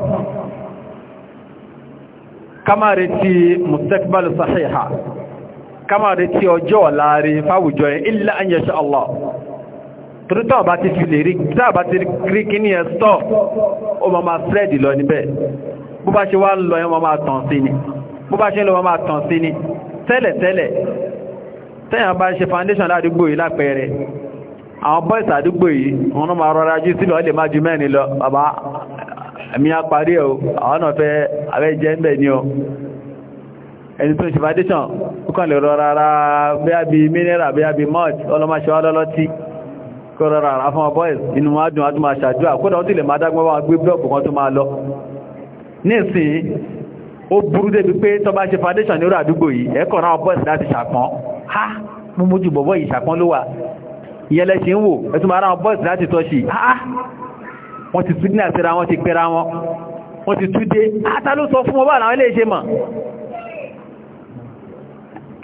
S1: kama retí mustaqbal sahiha kama retí ọjọ́ láàrí fáwùjọ yẹn illa an yasha Allah torí tọ́ bá ti fi lè rí tọ́ bá ti rí kí ní ẹ̀stọ́ o ma fred lọ níbẹ̀ bó bá ṣe wá lọ yẹn ma tàn sí ni bó bá ṣe lọ máa tàn sí ni tẹ́lẹ̀tẹ́lẹ̀ tẹ́yàn bá ṣe foundation ládùúgbò yìí lápẹẹrẹ àwọn boys àdúgbò yìí wọn máa rọra jí sílọ lè máa ju mẹ́rin lọ bàbá mi a parí ẹ̀ àwọn náà fẹ́ abẹ́ jẹ́ ń bẹ̀ ni o ẹni tó ń ṣe foundation kúkàn lè rọra ra bẹ́ẹ̀ bí mineral bẹ́ẹ̀ bí malt ọlọ́máṣẹ́ ọlọ́lọ́tí kó rọra ra fún ọ boys inú wọn á dùn á dùn máa ṣàdúrà kódà ó ti lè máa dágbọ́n wá gbé blọ́ọ̀kù kan tó máa lọ nísìnyí ó burú débi pé tó bá ṣe foundation ní orí àdúgbò yìí ẹ̀kọ́ náà bọ́ọ̀sì láti ṣàpọ́n ha mú mójú bọ̀bọ̀ yìí ṣàpọ́n ló wà ìyẹlẹ̀ ṣe ń wò ẹ̀tún máa ráwọn bọ́ọ̀sì láti ha wọ́n ti tún ní àtẹ́ra wọn ti pẹ́ra wọn wọ́n ti tún dé ata ló sọ fún wọn bá àwọn ilé ṣe mọ̀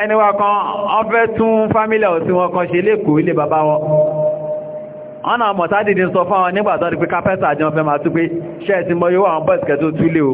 S1: ẹni wa kan wọ́n fẹ́ tún fámílì ọ̀sìn wọn kan ṣe lẹ́kọ̀ọ́ ilé bàbá wọn wọ́n náà mọ̀tádìdì sọ fún àwọn nígbàtọ́ di pé kápẹ́sà àjọ fẹ́ máa tún pé ṣẹ́ẹ̀tì mọ́ yóò àwọn bọ́ọ̀sì kẹ́ tó túlé o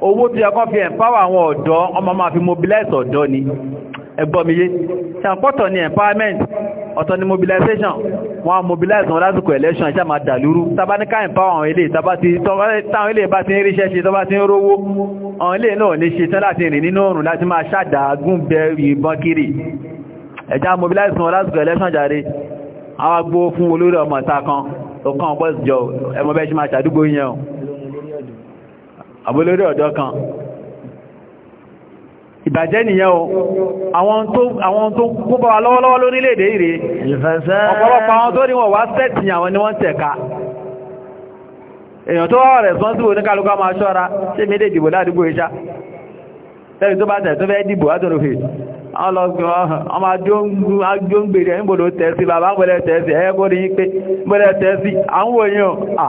S1: owó tí ẹkọ́ fi ẹ̀mpáwà àwọn ọ̀dọ́ ọmọ máa fi mobilize ọ̀dọ́ ni ẹgbọ́miyé ṣàpọ̀tọ̀ ni empowerment ọ̀tọ̀ ni mobilization wọ́n a mobilize wọn lásìkò election ìṣà máa dàlúrú tàbá ní ká empower àwọn ilé táwọn ilé bá ti ń ríṣẹ́ ṣe tó bá ti ń rówó àwọn ilé náà lè ṣe tán láti rìn nínú oòrùn láti máa ṣàdàgún bẹ ìbọn kiri ẹjá mobilize wọn lásìkò election jàre àwọn agbó fún olórí ọmọ ìta kan ọkàn ọgbọ́sìjọ ẹmọ bẹ́ ṣe máa ṣàdúgbò yẹn àbólórí ọ̀dọ́ kan ìbàjẹ́ nìyẹn o àwọn tó kó bá wa lọ́wọ́lọ́wọ́ lórílẹ̀-èdè ìrẹ́ ọ̀pọ̀lọpọ̀ àwọn tó ní wá sẹ́ẹ̀tì àwọn ni wọ́n tẹ̀ka èèyàn tó wọ́n responsible ní kálukú máa ṣọ́ra ṣe méjì ìdìbò ládùúgbò ìṣá lẹ́yìn tó bá tẹ̀ tó fẹ́ dìbò látọ̀rọ̀fẹ́ àwọn lọ́gbìn ọmọ ajóngbèrè ẹ̀yìnbòdó tẹ̀sí bàbá ń bọ́lẹ̀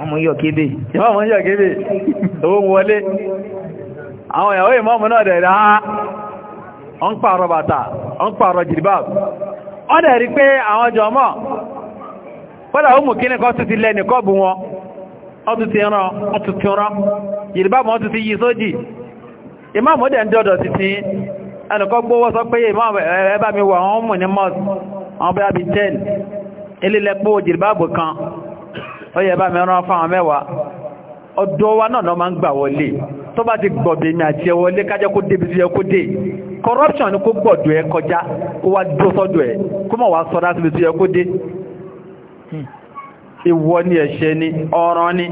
S1: ọmọ yọ kébé ìmọ́mù yọ kébé owó wọlé àwọn ìyàwó ìmọ́mù náà dẹ̀ rá ọ́n pààrọ̀ bàtà ọ́n pààrọ̀ jìdìbà ọ́ dẹ̀ rí pé àwọn jọmọ́ pọ́lá ọmọ kíní kọ́ tún ti lẹ́nì kọ́bù wọn ọ́ tún ti rán ọ́ tún ti rán jìdìbà mọ́ tún ti yí sójì ìmọ́mù dẹ̀ ń dọ́dọ̀ títí ẹnìkọ́ gbówó sọ pé ìmọ́mù ẹ̀ẹ́bà mi wà wọ́n mù ní mọ́s ọyẹ bá mẹ́rán fáwọn mẹ́wàá ọ̀dọ̀ wa náà náà máa ń gbà wọlé tó bá ti gbọ̀dẹ̀ ní àti ẹ wọlé kájẹ́ kó débi sí ẹ dé corruption ni kó gbọ̀dọ̀ ẹ kọjá kó wá dó sọ́dọ̀ ẹ kó mọ̀ wá sọ́dá síbi sí ẹ dé ìwọ ni ẹ̀ṣẹ̀ ni ọ̀ràn ni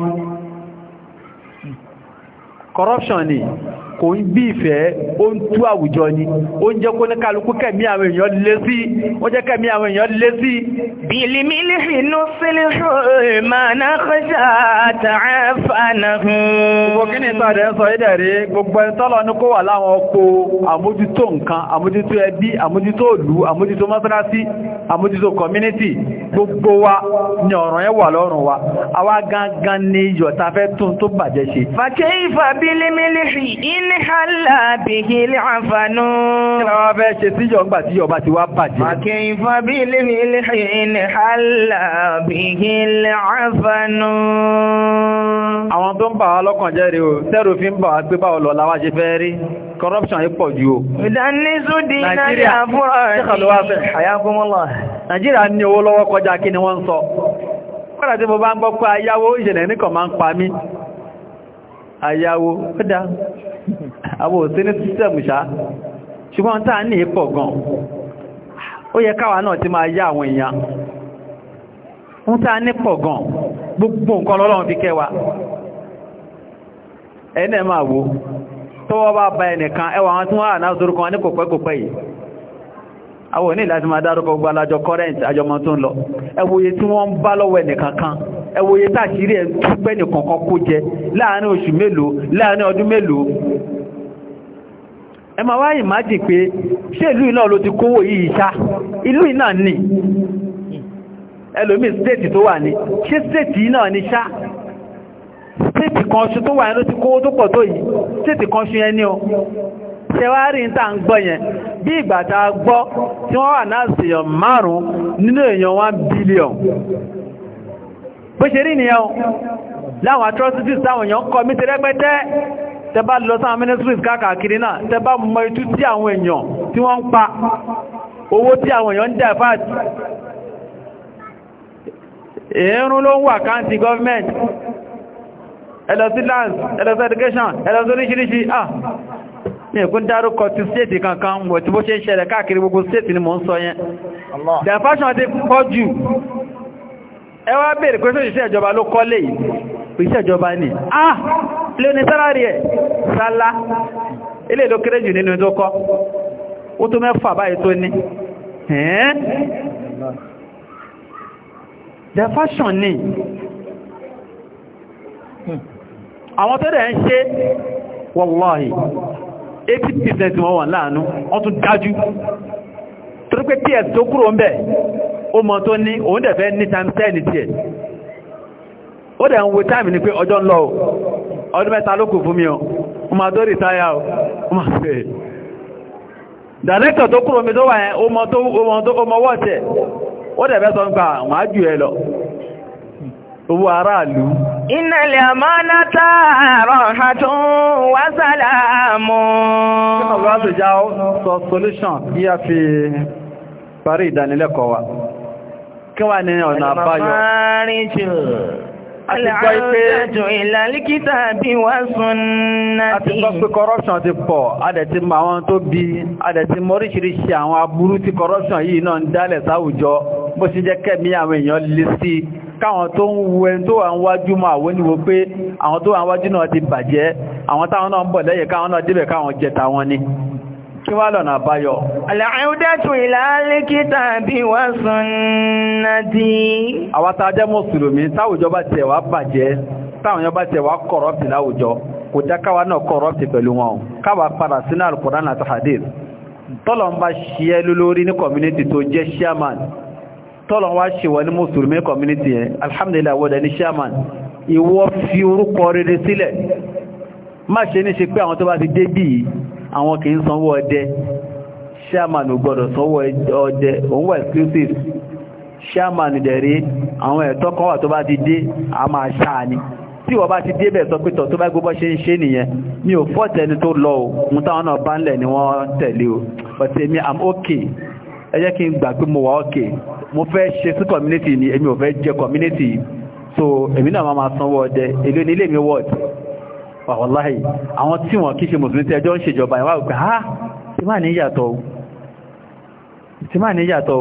S1: corruption ni kò ń bí ìfẹ́ ó ń tú àwùjọ ni ó ń jẹ́ kó ní kálukú kẹ̀mí àwọn èèyàn lé sí ó jẹ́ kẹ̀mí àwọn èèyàn lé sí.
S2: bìlìmílì inú sílẹ̀ ìmọ̀nà kọjá àtàfànàhùn.
S1: gbogbo àmójútó community gbogbo wa ni ọ̀ràn yẹn wà lọ́rùn wa àwa gangan ni iyọ̀ fẹ́ tún tó bàjẹ́ ṣe.
S2: fàkẹ́ ìfàbílímílì inú ní hálà bí i ilé àǹfààní. Kí ni wọ́n fẹ́ ṣe síjọ́ ńgbà tí yọba ti wá bàjẹ́? Màkì ìfọ́ bí ilé mi ní hálà bí i ilé àǹfààní. Àwọn tó ń bà wá lọ́kàn jẹ́ rí o, tẹ́rù
S1: fi ń bà wá gbé báwo lọ làwa ṣe fẹ́ rí. Corruption yìí pọ̀ ju o.
S2: Ìdánisúdí náà ní àfúrọ̀ ní.
S1: Nàìjíríà ní owó lọ́wọ́ kọjá kí ni wọ́n ń sọ. Kọ́dà àyàwó ó dá àwọn òsí ní sísẹ̀mù ṣá ṣùgbọ́n tá ní pọ̀ gan ó yẹ káwa náà ti máa yá àwọn èèyàn ń tá ní pọ̀ gan gbogbo nǹkan lọ́lọ́run fi kẹwa ẹ̀ẹ́nẹ̀ máa wo tọ́wọ́ bá ba ẹnìkan ẹwà wọn tí wọ́n rà náà sórúkọ wọn ní àwọn ní láti máa dárúkọ gbogbo alájọ current àjọmọ tó ń lọ ẹwòye tí wọ́n ń bá lọ́wọ́ ẹnìkankan ẹwòye tàṣírí ẹ̀ túpẹ́ nìkankan kó jẹ láàárín oṣù mélòó láàárín ọdún mélòó ẹ máa wá ìmájì pé ṣé ìlú iná ló ti kówó yìí ṣá ìlú iná ni ẹlòmíì stéètì tó wà ní ṣé stéètì iná ni ṣá stéètì kan ṣu tó wà ní ló ti kówó tó pọ̀ tó yìí stéètì kan ṣu yẹn ni o ṣẹwárí tá ń gbọ́ yẹn bí ìgbà tá a gbọ́ tí wọ́n wà náà sèèyàn márùn-ún nínú èèyàn one billion bó ṣe rí nìyẹn láwọn atrocities táwọn èèyàn kọ mí ti rẹ́pẹ́tẹ́ tẹbá lọ sáwọn ministries káàkiri náà tẹbá mọ itú tí àwọn èèyàn tí wọ́n ń pa owó tí àwọn èèyàn ń dẹ̀ fáàtì èérún ló ń wà káàntì gọ́ọ̀mẹ́ntì ẹlọ́sí lands ẹlọ́sí education oríṣiríṣi ah ní ìkún dárúkọ ti stéètì kankan wọ̀ tí bó ṣe ń ṣẹlẹ̀ káàkiri gbogbo stéètì ni mò ń sọ yẹn defashion ti pọ̀ jù ẹ wá bèèrè pé tó ìṣẹ́ ìjọba ló kọ́ lè ìṣẹ́ ah lè ní sálárì ẹ̀ sálá ilé ló kéré jù nínú ìdókọ́ ó tó mẹ́fà báyìí tó fashion ni hmm. àwọn tó rẹ̀ ń ṣe wallahi 80% wọn wọ̀n láàánú wọ́n tún dájú torí pé ps tó kúrò ń bẹ̀ mọ̀ tó ní òun dẹ̀ ní times 10 tí ẹ̀ ó dẹ̀ ń wo time ni pé ọjọ́ ń lọ ọdún mẹ́ta ló kù fún mi o ma o fẹ́ tó kúrò owó aráàlú.
S2: Innal amanata rahatun wa salamun.
S1: Kí ọ̀gá tó já sọ solution kí a fi parí ìdánilẹ́kọ̀ọ́ wa. Kí wà ní ọ̀nà àbáyọ?
S2: Àti gbọ́ ipé ìlàlíkítà bí wá súnnà tí. Àti gbọ́ pé corruption
S1: ti pọ̀, adẹ̀ ti mọ àwọn tó bí, adẹ̀ ti mọ oríṣiríṣi àwọn aburú tí corruption yìí náà ń dálẹ̀ sáwùjọ, bó ṣe jẹ́ kẹ́mí àwọn èèyàn lé sí i káwọn tó ń wo ẹni tó wà ń wájú mọ́ àwọn oníwo pé àwọn tó wà ń wájú náà ti bàjẹ́ àwọn táwọn náà ń bọ̀ lẹ́yìn káwọn náà débẹ̀ káwọn jẹta wọn ni kí wá lọ̀nà àbáyọ.
S2: Àlàáúdẹ́tù ìlàálẹ́kítà bí wọ́n sọ́nà dí. Àwọn tàjẹ́
S1: Mùsùlùmí táwùjọ bá tẹ̀ wá bàjẹ́, táwọn yọ bá tẹ̀ wá kọ̀rọ̀pì láwùjọ, kò já káwa náà kọ̀rọ̀pì pẹ̀lú wọn. Káwa padà sínú Al-Qur'an àti Hadith. Tọ́lọ̀ ń bá ṣiẹ́ lólórí ní community tó jẹ́ chairman tọ́lọ̀ wá ṣe wà ní mùsùlùmí community yẹn alhamdulillah wọ́dà ní shaman ìwọ fi orúkọ rere sílẹ̀ má ṣe ní ṣe pé àwọn tó bá ti dé bí àwọn kìí sanwó ọdẹ shaman ò gbọ́dọ̀ sanwó ọdẹ òun wà exclusive shaman dẹ̀rẹ́ àwọn ẹ̀tọ́ kan wà tó bá ti dé a máa ṣáà ni tí wọ́n bá ti dé bẹ̀ sọ pé tọ̀ tó bá gbogbo ṣe ń ṣe nìyẹn mi ò fọ́ tẹni tó lọ o mú táwọn náà bá ń lẹ̀ ni wọ́n tẹ̀lé o but èmi am okay ẹ jẹ́ kí n gbà pé mo wà ókè mo fẹ́ ṣe sí community ni èmi ò fẹ́ jẹ community so èmi náà máa sanwó ọdẹ èlé ní ilé mi ward wàhálàhì àwọn tí wọ́n kí ṣe mùsùlùmí tí ẹjọ́ ń ṣèjọba ìwà òkè ha ah, tí máa ní yàtọ̀ tí máa ní yàtọ̀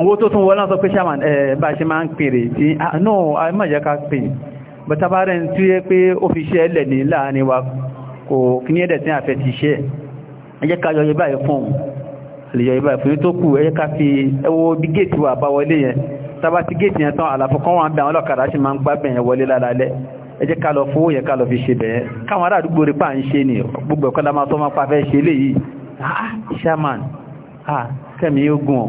S1: owó tó tún wọ́n náà ẹ̀ no a máa jẹ́ ká pè bẹ̀tàbárẹ̀ tí ó pé ó fi ṣe ẹlẹ̀ ní láàrin wa kò yọ yẹ fún un àlèyọ ìbá ìfún tó kù ẹ̀yẹ́ ká fi ẹwọ́ bí gẹ́ẹ̀tì wà bá wọlé yẹn tàbá ti gẹ́ẹ̀tì yẹn tán àlàfo kan wà ń bẹ àwọn ọlọ́kadà sì máa ń gbá bẹ̀yẹn wọlé lálálẹ́ ẹ jẹ́ ká lọ fowó yẹn ká lọ fi ṣe bẹ̀yẹn káwọn ará àdúgbò rí pa ń ṣe ni gbogbo ẹ̀kọ́ la máa tọ́ máa pa fẹ́ ṣe léyìí ah shaman ah, ah kẹ́mi yóò gùn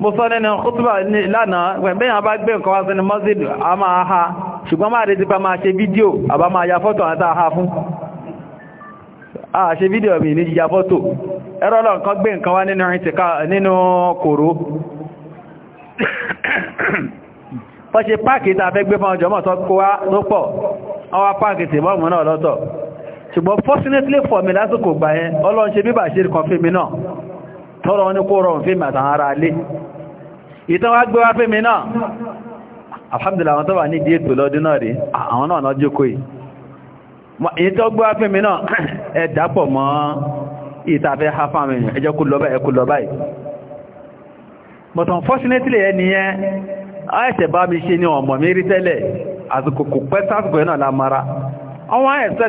S1: mo sọ nínú kútùbà lánàá gbẹ̀mẹ́yàn bá gbé nǹkan wá sínú mọ́sílù a máa ha ṣùgbọ́n máa rí ti pa máa ṣe fídíò àbá máa ya fọ́tò àtà ha fún a ṣe fídíò mi ní jíya fọ́tò ẹ̀rọ lọ nǹkan gbé nǹkan wá nínú kòró fọ́ṣe páàkì tàà fẹ́ gbé fọ́njọ́ mọ́ tó kó wá tó pọ̀ ọwá páàkì tí mọ́mù fortunately for me lásìkò gbà yẹn ọlọ́run ṣe bíbà tọ́rọ ní kó rọrùn fíìmì àtàwọn ará alé ìtàn wá gbé wá fíìmì náà alhamdulillah àwọn tó wà ní ìdí ètò lọ́dún náà rí àwọn náà náà jókòó yìí tó gbé wá fíìmì náà ẹ dàpọ̀ mọ́ ìtàfẹ́ hafáàmì ẹjọ́ kú lọ́bàá but unfortunately ẹniyẹn àìṣẹ̀ bá mi ṣe ní ọmọ mi rí tẹ́lẹ̀ àsìkò kò pẹ́ sásìkò ẹ̀ náà lámara àwọn àìṣẹ́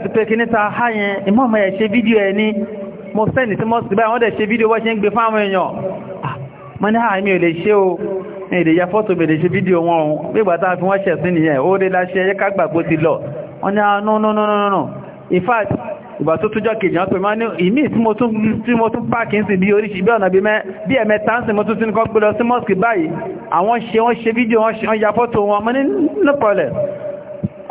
S1: ti pé mo sẹ́ni tí mo sì báyìí wọ́n dẹ̀ ṣe fídíò wọ́n ṣe ń gbé fáwọn èèyàn ah, mo ní àmì ah, ò lè ṣe o ní èdè ya fọ́tò bèèrè ṣe fídíò wọn ohun gbígbà táa fi wọ́n ṣẹ̀ sí nìyẹn ó rí láṣẹ ẹyẹ kágbàgbó ti lọ wọ́n ní ah, no no no no no in fact ìgbà tó túnjọ́ kejì wọ́n pè máa ní ìmí tí mo tún páàkì sí bí oríṣi bí ọ̀nà bí ẹ̀mẹta ń sì mo tún sí nǹkan gbọ́dọ̀ sí mọ́sìkì báyìí àwọn ṣe wọ́n ṣe fídíò wọ́n ya fọ́tò wọn mo ní no problem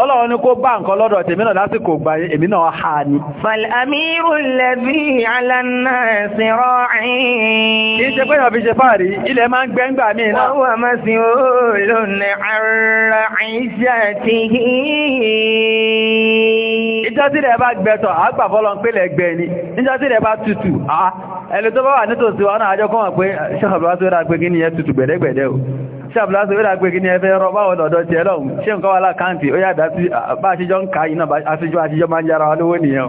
S1: ọlọ́run ni kó bá nǹkan lọ́dọ̀ tèmi náà lásìkò gba èmi náà ha ni.
S2: fàlàmírù lẹ́bí alánà ṣìrọ̀ ẹ̀yìn. kì í ṣe pé yàn fi ṣe fáàrí ilẹ̀ máa ń gbẹ́ngbà náà. wọ́n wà má sí ara àti yìí. rẹ̀ bá
S1: gbẹ̀tọ̀ ń ni rẹ̀ bá tutù ẹni tó bá wà nítòsí náà àjọ kọ́ ṣàbùlásí ó dàgbé kí ní ẹfẹ́ rọ báwọn ọ̀dọ̀ tí ẹlọ́un ṣe ń kọ́wàlá káàntì ó yàdá sí bá ṣíjọ́ ń ká iná aṣíjọ́ aṣíjọ́ máa ń yára wa nìyàn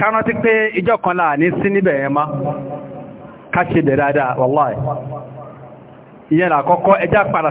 S1: kárántí pé ìjọ kan láà ní sí níbẹ̀ kachi má ká ṣe dáadáa wàláì ìyẹn làkọ́kọ́ ẹjá padà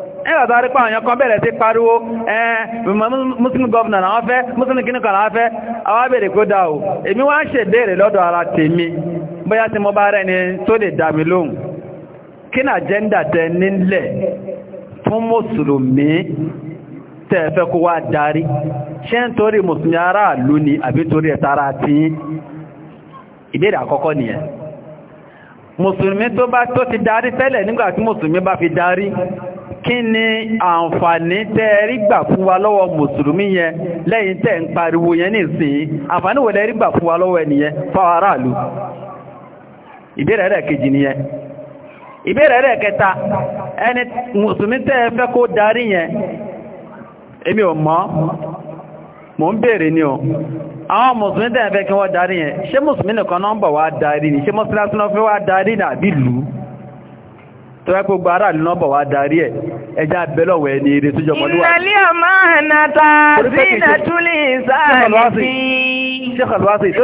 S1: ẹgbà tó arípa àwọn kan bẹ̀rẹ̀ pariwo muslim governor àwọn fẹ́ muslim kìnnì kan láfẹ́ àwọn abẹ̀rẹ̀ kó dá o èmi wá ń ṣe bèèrè lọ́dọ̀ ara tèmi bóyá tí mo bá rẹni tó lè dá mi mùsùlùmí tó bá ti darí tẹ́lẹ̀ mùsùlùmí bá fi darí kí ni àǹfààní tẹ́ rí gbà fún wa lọ́wọ́ mùsùlùmí yẹn lẹ́yìn tẹ́ ń pariwo yẹn nísìnyí àǹfààní wo lẹ́ rí gbà fún wa lọ́wọ́ ẹnìyẹn fáwọn aráàlú ìbéèrè rẹ̀ kejì nìyẹn ìbéèrè rẹ̀ kẹta ẹni mùsùlùmí tẹ́ fẹ́ kó darí yẹn èmi ò mò ń ni o àwọn mùsùlùmí tẹ́ fẹ́ kí wọ́n darí yẹn ṣé mùsùlùmí nìkan náà ń bọ̀ wá darí ni ṣé mọ́sílásí náà fẹ́ wá darí àbí lùú tó wá gbogbo ara nínú ọbọ̀ wa darí ẹ̀ ẹjá abẹ́lọ̀wọ̀ ẹni eré tó jọmọ́ níwà. ìrẹ̀lẹ̀ ọmọ
S2: ànàta sí ìnàtúlẹ̀ ìsáàlì
S1: ṣẹ́kọ̀lọ́wọ́sì tó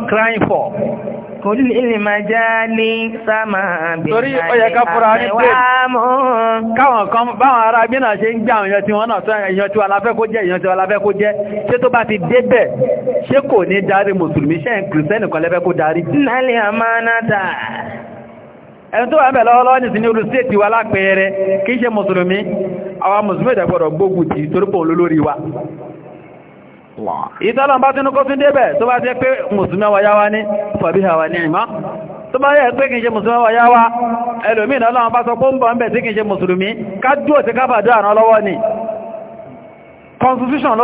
S2: stop crying for. Kùlì màjálì sámà bí i Káwọn kan báwọn ará gbé náà ṣe ń gbé àwọn èèyàn tí náà tó èèyàn
S1: tí kó jẹ́ èèyàn tí kó jẹ́. Ṣé tó bá ti débẹ̀, ṣé kò ní darí Mùsùlùmí ṣẹ́ ń kan lẹ́fẹ́ kó darí?
S2: Nálẹ̀ àmánátà
S1: ẹni tó wa ìtọ́lọ̀ bá tínú kó tún débẹ̀ tó bá jẹ́ pé mùsùlùmí wa yá wa ní fàbíhà wa ní ìmá tó bá pé kìí ṣe musulmi wa yá wa ẹlòmínà ọlọ́run bá sọ ń bẹ̀ tí kìí ṣe musulmi, ká dúró ti ni constitution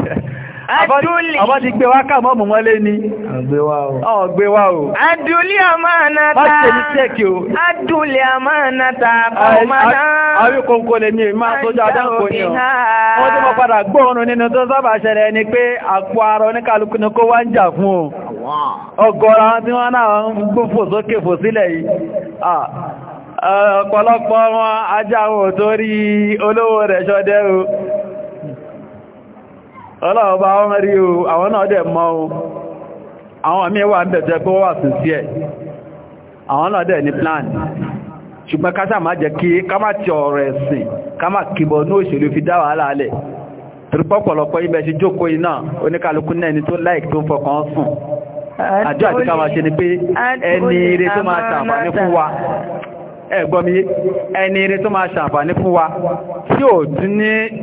S1: Adúlì. Ọba ti gbé wá káàmọ́ mú wọlé ni. Àgbéwá o. Ọ̀gbéwá o. Adúlì àmánátà. Má ṣe ní lè ní ìmá sójú adáǹkó ni Wọ́n tí mo padà gbóòrùn nínú tó sábà ṣẹlẹ̀ ni pé àpò ara ni kó wá ń jà fún ọ̀pọ̀lọpọ̀ wọn ajá rí olówó rẹ̀ ọlọ́ọ̀bá wọ́n rí o àwọn náà dẹ̀ mọ́ o àwọn àmì wà ń bẹ̀tẹ̀ pé wà sí sí ẹ̀ àwọn náà dẹ̀ ní plan ṣùgbọ́n ká sáà má jẹ́ kí ká má ti ọ̀rọ̀ ẹ̀sìn ká má kìbọ̀ ní òṣèlú fi dá wàhálà alẹ̀ tìrìpọ̀pọ̀lọpọ̀ ibẹ̀ ṣe jókòó iná oníkàlùkù náà ẹni tó láìk tó fọkàn sùn
S3: àjọ àti ká máa ṣe ni pé ẹni ire tó máa ṣàǹfààní fún wa
S1: ẹ̀gbọ́mi ẹni eré tó máa ṣàǹfààní fún wa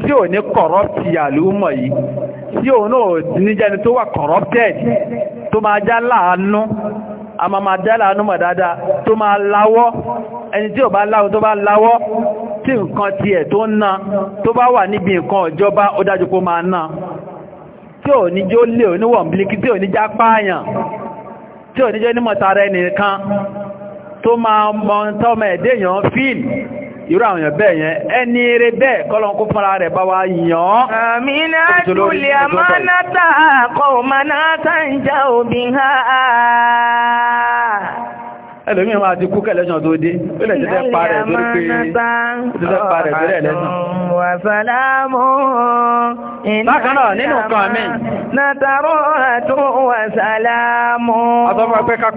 S1: tí ò ní kọ̀rọ̀pì àlúmọ̀ yìí tí ò náà ní jẹni tó wà corrupted tó máa já láàánú a máa máa já láàánú mọ̀ dáadáa tó máa láwọ́ ẹni tí ò bá láwọ́ tó bá láwọ́ tí nǹkan tiẹ̀ tó ń ná tó bá wà níbi nǹkan ìjọba ó dájú kó máa ná tí ò ní jó lè oníwọ̀n bílíkì tí ò ní já pààyàn tí ò ní jẹ́ onímọ̀ tara ẹnìkan tó máa mọ́ tọ́mọ ẹ̀dẹ́ èèyàn fíìl irú àwọn èèyàn bẹ́ẹ̀ yẹn ẹni eré bẹ́ẹ̀ kọ́lọ̀ kó fúnra rẹ̀ bá wa yàn.
S2: àmìnà tulè amánátà
S1: ẹlòmí máa ti kú kẹlẹ́sàn tó dé ó lè jẹ́ pa rẹ̀ tó pé jẹ́ pa rẹ̀ tó rẹ̀ lẹ́sàn.
S2: wà sàlámù bákanà nínú kan mi. nàtàrọ àtún wà sàlámù.
S1: àtọ́fà pé ká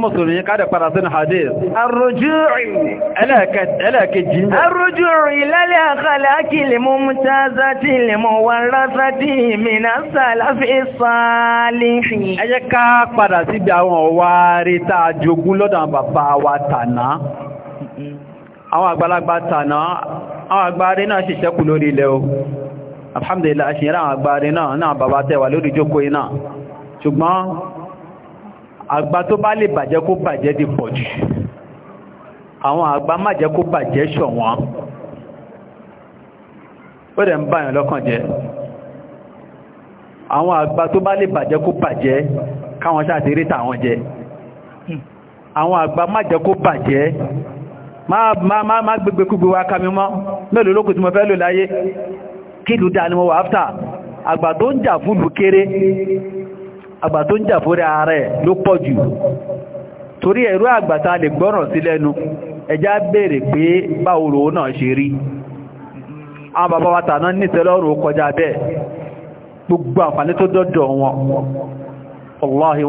S1: mùsùlùmí ká padà sínú hadith.
S2: arujúrì.
S1: ẹlẹ́ẹ̀kejì ń bẹ̀.
S2: lálẹ́ àkàlà kìlì mú mutaza tìlì mú wàrà sátì mìíràn sàlàfẹ́ sàlẹ̀. ẹ jẹ́ ká padà àwọn ọ̀wà rí tàà jogún lọ́dọ̀ àwọn bàbá wa
S1: tànà àwọn àgbàlagbà tànà àwọn àgbàrí náà sì ṣẹ́kù lórí ilẹ̀ o alhamdulillah ṣìyàn àwọn àgbàrí náà náà bàbá tẹ́wà lórí jókó iná ṣùgbọ́n àgbà tó bá lè bàjẹ́ kó bàjẹ́ di pọ̀ jù àwọn àgbà má jẹ́ kó bàjẹ́ ṣọ̀wọ́n ó dẹ̀ ń báyàn lọ́kàn jẹ́ àwọn àgbà tó bá lè bàjẹ́ kó bàjẹ́ káwọn ṣáàtì rí tàwọn jẹ àwọn àgbà má jẹ́ kó bàjẹ́ má gbégbé kúgbé wá ká mi mọ́ mélòó lókù tí mo fẹ́ lò láyé kí lù dáa ni mo wà áfta àgbà tó ń jà fún lù kéré àgbà tó ń jà fún ara ẹ̀ ló pọ̀ jù torí ẹ̀rú àgbà tá lè gbọ́ràn sí lẹ́nu ẹjá béèrè pé báwo náà ṣe rí àwọn bàbá wa tàná nítẹ́lọ́rùn kọjá bẹ́ẹ̀ gbogbo àǹfààní tó dọ́dọ̀ wọn wọ́láhí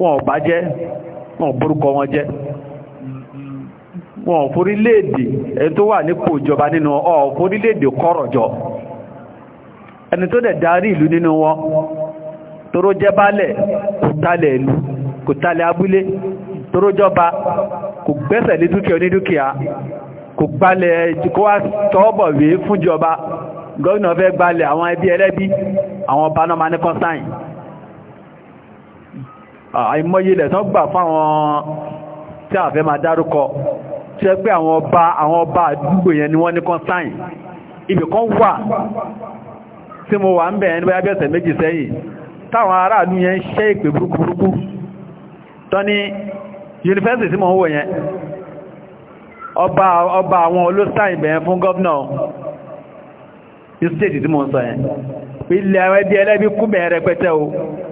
S1: wọn bá jẹ́ wọn borúkọ wọn jẹ́ wọn forílẹ̀-èdè ẹni tó wà nípò ìjọba nínú ọ forílẹ̀-èdè kọ́rọ̀jọ ẹni tó dẹ̀ darí ìlú nínú wọn tóró jẹ́ bálẹ̀ kò tálẹ̀ ìlú kò tálẹ̀ abúlé tóró jọba kò gbẹ́sẹ̀ dúkìá kò àìmọye ilẹ̀ tán gbà fáwọn tí a fẹ́ máa dárúkọ tí ẹ pé àwọn ọba àwọn ọba àdúgbò yẹn ni wọ́n ní kan sáìn ibì wà tí mo wà ń bẹ̀ẹ́ ní bí méjì sẹ́yìn táwọn aráàlú yẹn ṣẹ́ ìpè burúkúrúkú tán ní tí mo yẹn ọba àwọn olóṣàìbẹ̀ẹ́ fún gọ́vnà ilẹ̀ àwọn ẹbí ẹlẹ́bí kú bẹ̀rẹ̀ rẹpẹtẹ o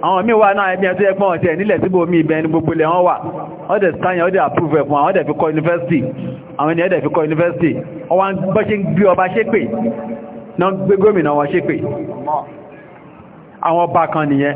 S1: àwọn míì wà náà ẹbí ẹtọ́ ẹgbọ́n ọ̀tẹ̀ nílẹ̀ síbò mí ibẹ̀ ní gbogbo ilẹ̀ wọ́n wà wọ́n dẹ̀ sáyẹn wọ́n dẹ̀ approve ẹ̀fún àwọn dẹ̀ fi kọ́ yunifásitì àwọn ènìyàn dẹ̀ fi kọ́ yunifásitì ọwọ́n bọ́ ṣe ń gbé ọba ṣépè náà gbé gómìnà wọn ṣépè àwọn ọba kan nìyẹn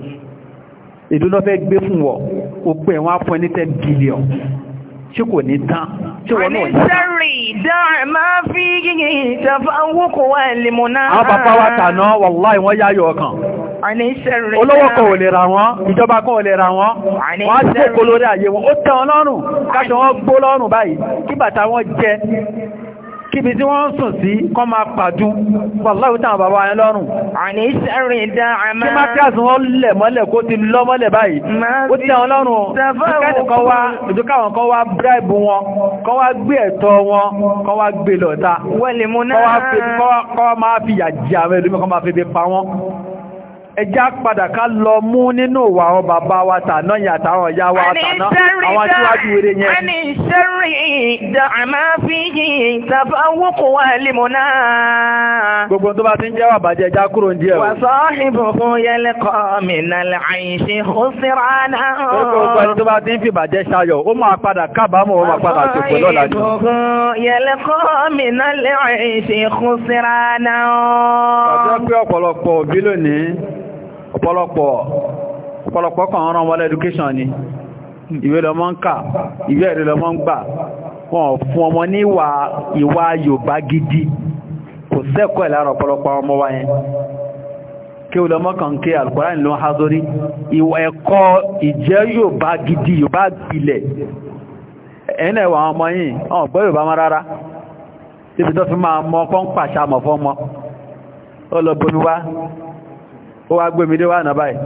S1: ìdúná fẹ́ gbé fún wọ òpin wọn fún ẹni tẹ́ bílíọ̀n tí kò ní tán tí wọ́n náà ní tán. àníṣẹ́rì
S2: dáhùn máa fi gígì ìjọba owó kò wá ìlìmọ̀ náà. àwọn bàbá wa tàná
S1: wàláì wọ́n yáyọ̀ ọkàn.
S2: àníṣẹ́rì dáhùn. olówó kan ò lè
S1: ra wọn ìjọba kan ò lè ra wọn. wọ́n á jókòó lórí àyè wọn ó tẹ̀ wọn lọ́rùn káṣọ wọn gbó lọ́rùn báyìí kí bàtà wọn jẹ kíbi tí wọ́n sùn sí kọ́ máa pàdún pàláwù tàn bàbá ayẹ lọ́rùn àní sẹ́rì dá àmà kí má kí àsùn wọ́n lẹ̀ mọ́lẹ̀ kó ti lọ mọ́lẹ̀ báyìí ó ti àwọn lọ́rùn ìdúkàwọn kan wá bíráìbù wọn kan wá gbé ẹ̀tọ́ ẹjá padà ká lọ mú nínú ìwà àwọn bàbá wa tàná yàtàwọn ìyá wa tàná àwọn aṣíwájú eré yẹn. ẹni
S2: ṣẹ́rì ìdààmú fi yìí tàbá wókò wà límọ̀ náà. gbogbo tó bá ti ń jẹ́wà
S1: bàjẹ́ ẹjá kúrò ń díẹ̀. wàṣọ
S2: ìbùkún yẹlẹ kọ́ mi nàlẹ́ àìṣe ó síra náà. gbogbo ẹni
S1: tó bá ti ń fi bàjẹ́ ṣayọ̀ ó máa padà kábàámọ̀ ó máa padà ṣòfò lọ́la jù.
S2: yẹlẹ kọ́ mi nàlẹ́
S1: ọ̀pọ̀lọpọ̀ ọ̀pọ̀lọpọ̀ kan rán wọlé education ni ìwé lọmọ ń kà ìwé ẹ̀rí lọmọ ń gbà wọn fún ọmọ ní ìwà Yorùbá gidi kò sẹ́kọ̀ọ́ ìlára ọ̀pọ̀lọpọ̀ ọmọ wa yẹn kí o lọmọ kan kí alukọ́rán ló ń ha sórí ìwà ẹ̀kọ́ ìjẹ́ Yorùbá gidi Yorùbá gbilẹ̀ ẹ̀yìn ẹ̀wà ọmọ yìí ọ̀gbọ́ Yorùbá mọ́ rárá ibi tó fi máa mọ́ kọ́ ó lọ bomi wá ó wá gbé mi dé wà náà báyìí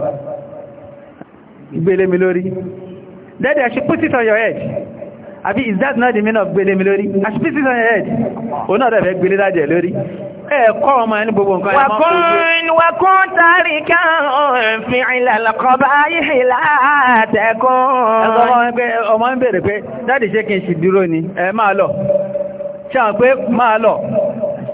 S1: gbélé mi lórí daddy I should put it on your head àbí is that not the meaning of gbélé mi lórí I should put it on your head òun náà dẹ̀fẹ́ gbélé dájẹ̀
S2: lórí ẹ̀ẹ̀kọ́ ọmọ ẹni gbogbo nǹkan ẹmọ́ wàkún tàríkà òfin ìlàlọ́kọba yìí látẹ̀kún ọmọ
S1: ẹ lọ lọ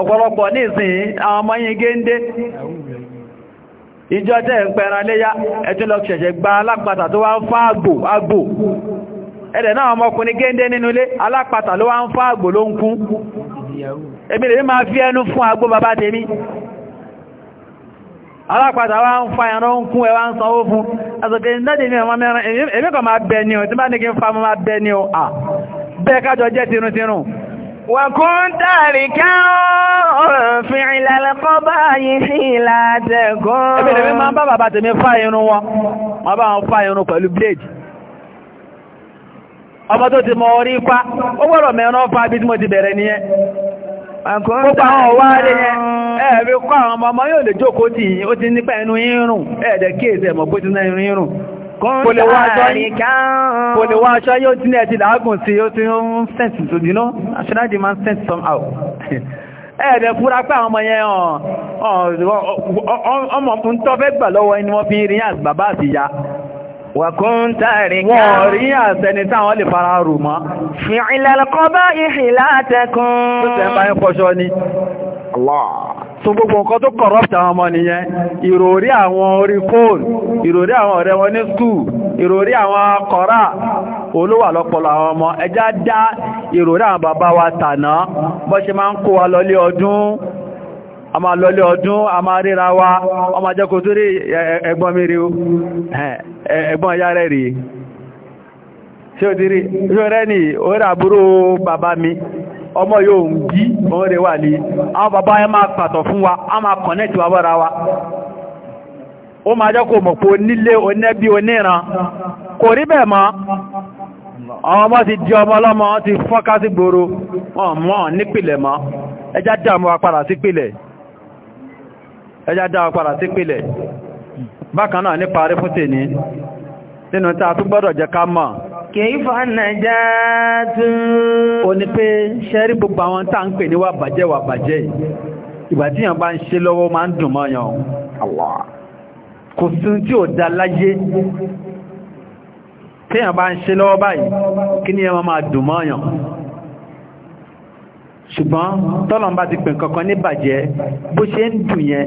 S1: ọ̀pọ̀lọpọ̀ ní ìsìn àwọn ọmọ yìí géńdé ìjọ tẹ́ ń pẹran léyá ẹ̀tún lọ ṣẹ̀ṣẹ̀ gba alápàtà tó wá ń fá àgbò àgbò ẹ̀dẹ̀ náà ọmọkùnrin géńdé nínú ilé alápàtà ló wá ń fá àgbò ló ń kú èmi lè máa fi ẹnu fún àgbò bàbá tèmi alápàtà wá ń fa ẹran ń kú ẹwà ń jẹ́ tinútinú
S2: وكنت ركعا فعل القبائح لا تكن ẹbí lèmi máa ń bá bàbá tèmi irun wọn wọ́n
S1: bá wọn fá irun pẹ̀lú blade ọmọ tó ti mọ orí ipá ó gbọ́dọ̀ mẹ́ran fá bi tí mo ti bẹ̀rẹ̀ nìyẹn
S2: Gbogbo àwọn ọwá rẹ̀ yẹn, ẹ̀ẹ̀rí
S1: kọ́ àwọn ọmọ yóò le joko ti nípa ẹnu irun rùn, ẹ̀ẹ̀dẹ̀ kí ti na irun irun kò lè wá aṣọ yóò tí ní ẹ̀tì làágùn sí yóò tí ó ń sẹ́ǹtì tó dínú aṣọ́nà dì máa ń sẹ́ǹtì somehow ẹ̀ẹ̀dẹ̀ fúra pé àwọn ọmọ yẹn ọmọ ń tọ́fẹ́ gbà lọ́wọ́ ẹni wọ́n fi rí àgbàbá àti ìyá
S2: Wàkún tàrí ká. Wọ́n rí àṣẹni táwọn lè fara rù mọ́. fi lọ́kọ́ ìhìlá tẹkùn. bá ń pọ́ṣọ́ ni. Allah. So
S1: gbogbo nǹkan tó corrupt àwọn ọmọ nìyẹn, ìròrí àwọn orí fóònù, ìròrí àwọn ọ̀rẹ́ wọn ní skúù, ìròrí àwọn kọ̀rá, olówà lọ́pọ̀lọ̀ ọmọ, ẹjá dá ìròrí àwọn bàbá wa wa lọlé ọdún, a máa lọlé ọdún, a máa ríra wa, ọmọ ẹgbọ́n mi ẹ̀gbọ́n ya rẹ̀ rí ṣe ò ṣe rẹ̀ ní orí àbúrò bàbá mi ọmọ yóò ń bí orí wà ní àwọn bàbá ya máa pàtọ̀ fún wa a máa kọ̀nẹ́tì wa bọ́ra wa ó máa jẹ́ kò onẹ́bí oníran kò rí mọ́ ọmọ ti di ọmọ ọlọ́mọ ti sí gbòòrò mọ́ nípìlẹ̀ mọ́ bákan náà nípa rí fún tèní nínú tí a tún gbọ́dọ̀ jẹ ká mọ̀
S2: kèífà nàíjá tún
S1: o ní pé ṣẹ́rí gbogbo àwọn tá ń pè ní wà bàjẹ́ wà bàjẹ́ ìgbà bá ń ṣe lọ́wọ́ máa ń dùn mọ́ yàn ṣùgbọ́n tọ́lọ̀ ti pè kankan ní bàjẹ́ bó ṣe ń dùn yẹn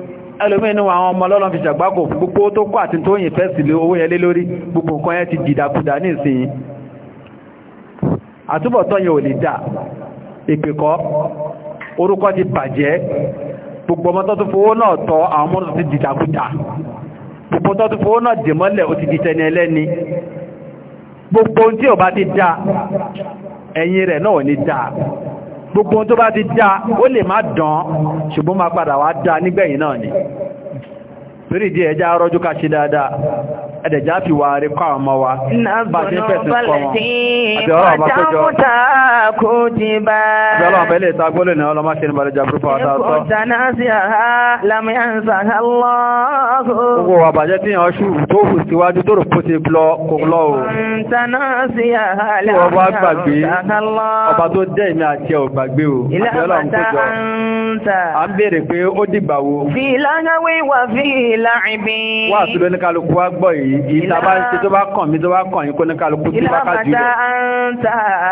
S1: ẹlòmínú àwọn ọmọ ọlọ́run fi ṣàgbákò gbogbo tó kọ́ àti tó yìn fẹ́sì lé owó yẹn lé lórí gbogbo nǹkan yẹn ti dìdàkudà ní ìsìn àtúbọ̀tán yẹn ò lè dà ìpèkọ́ orúkọ ti bàjẹ́ gbogbo ọmọ tó tó fowó náà tọ́ àwọn ọmọ tó ti dìdàkudà gbogbo ohun tó bá ti dá ó lè má dán ṣùgbọ́n máa padà wá dá nígbẹ̀yìn náà ni torí ìdí ẹja rọ́jú ká ṣe dáadáa ẹ̀dẹ̀já fi wà rí kọ́ ọmọ wa bá ti ń fẹ̀sìn kọ́ wọn àti
S2: ọ̀rọ̀ ọba tó jọ àti ọlọ́ọ̀bá ilé
S1: ìta gbólé ní ọlọ́má ṣe ní bàrẹ̀ jàbúrú fún ọ̀tá ọ̀tọ́
S2: gbogbo wà
S1: bàjẹ́ tí yàn ṣù tó hù síwájú tó rò ti blọ kò lọ ń béèrè pé ó dìgbà wo.
S2: fi ìlànà wíwà ìbí. wà
S1: á tún wá gbọ́ yìí ìtàbá ń ṣe tó bá kàn mí tó bá kàn yín kó ní kálukú tí bá ká jùlọ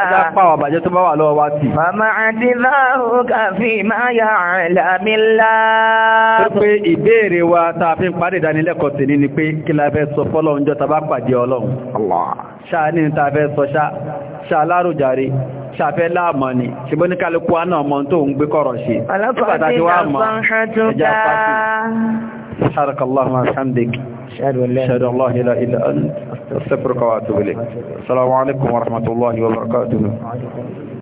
S1: ẹjá pa wà bàjẹ́ tó bá wà lọ́wọ́ wá tì. màmá
S2: àti láhùn káfí máa yà àlàmílá. ó pé
S1: ìbéèrè wa tá fi ń parí ìdánilẹ́kọ̀ọ́ tèmi ni pé kí la fẹ́ sọ fọ́lọ́run jọ tá pàdé ọlọ́run. ṣáà ní ta fẹ́ sọ ṣáà ṣàláròjàre ṣàfẹ́ láàmọ́ ni ṣùgbọ́n ní kálukú wa náà mọ́ tó ń gbé kọ̀rọ̀ ṣe pàtàkì wa mọ́ ẹja pàtàkì ṣàrọ̀kọ̀lọ́hùn alhamdik ṣàdọ̀ allah ila ila an astagfiruka wa atubu ilayk assalamu alaikum wa
S3: rahmatullahi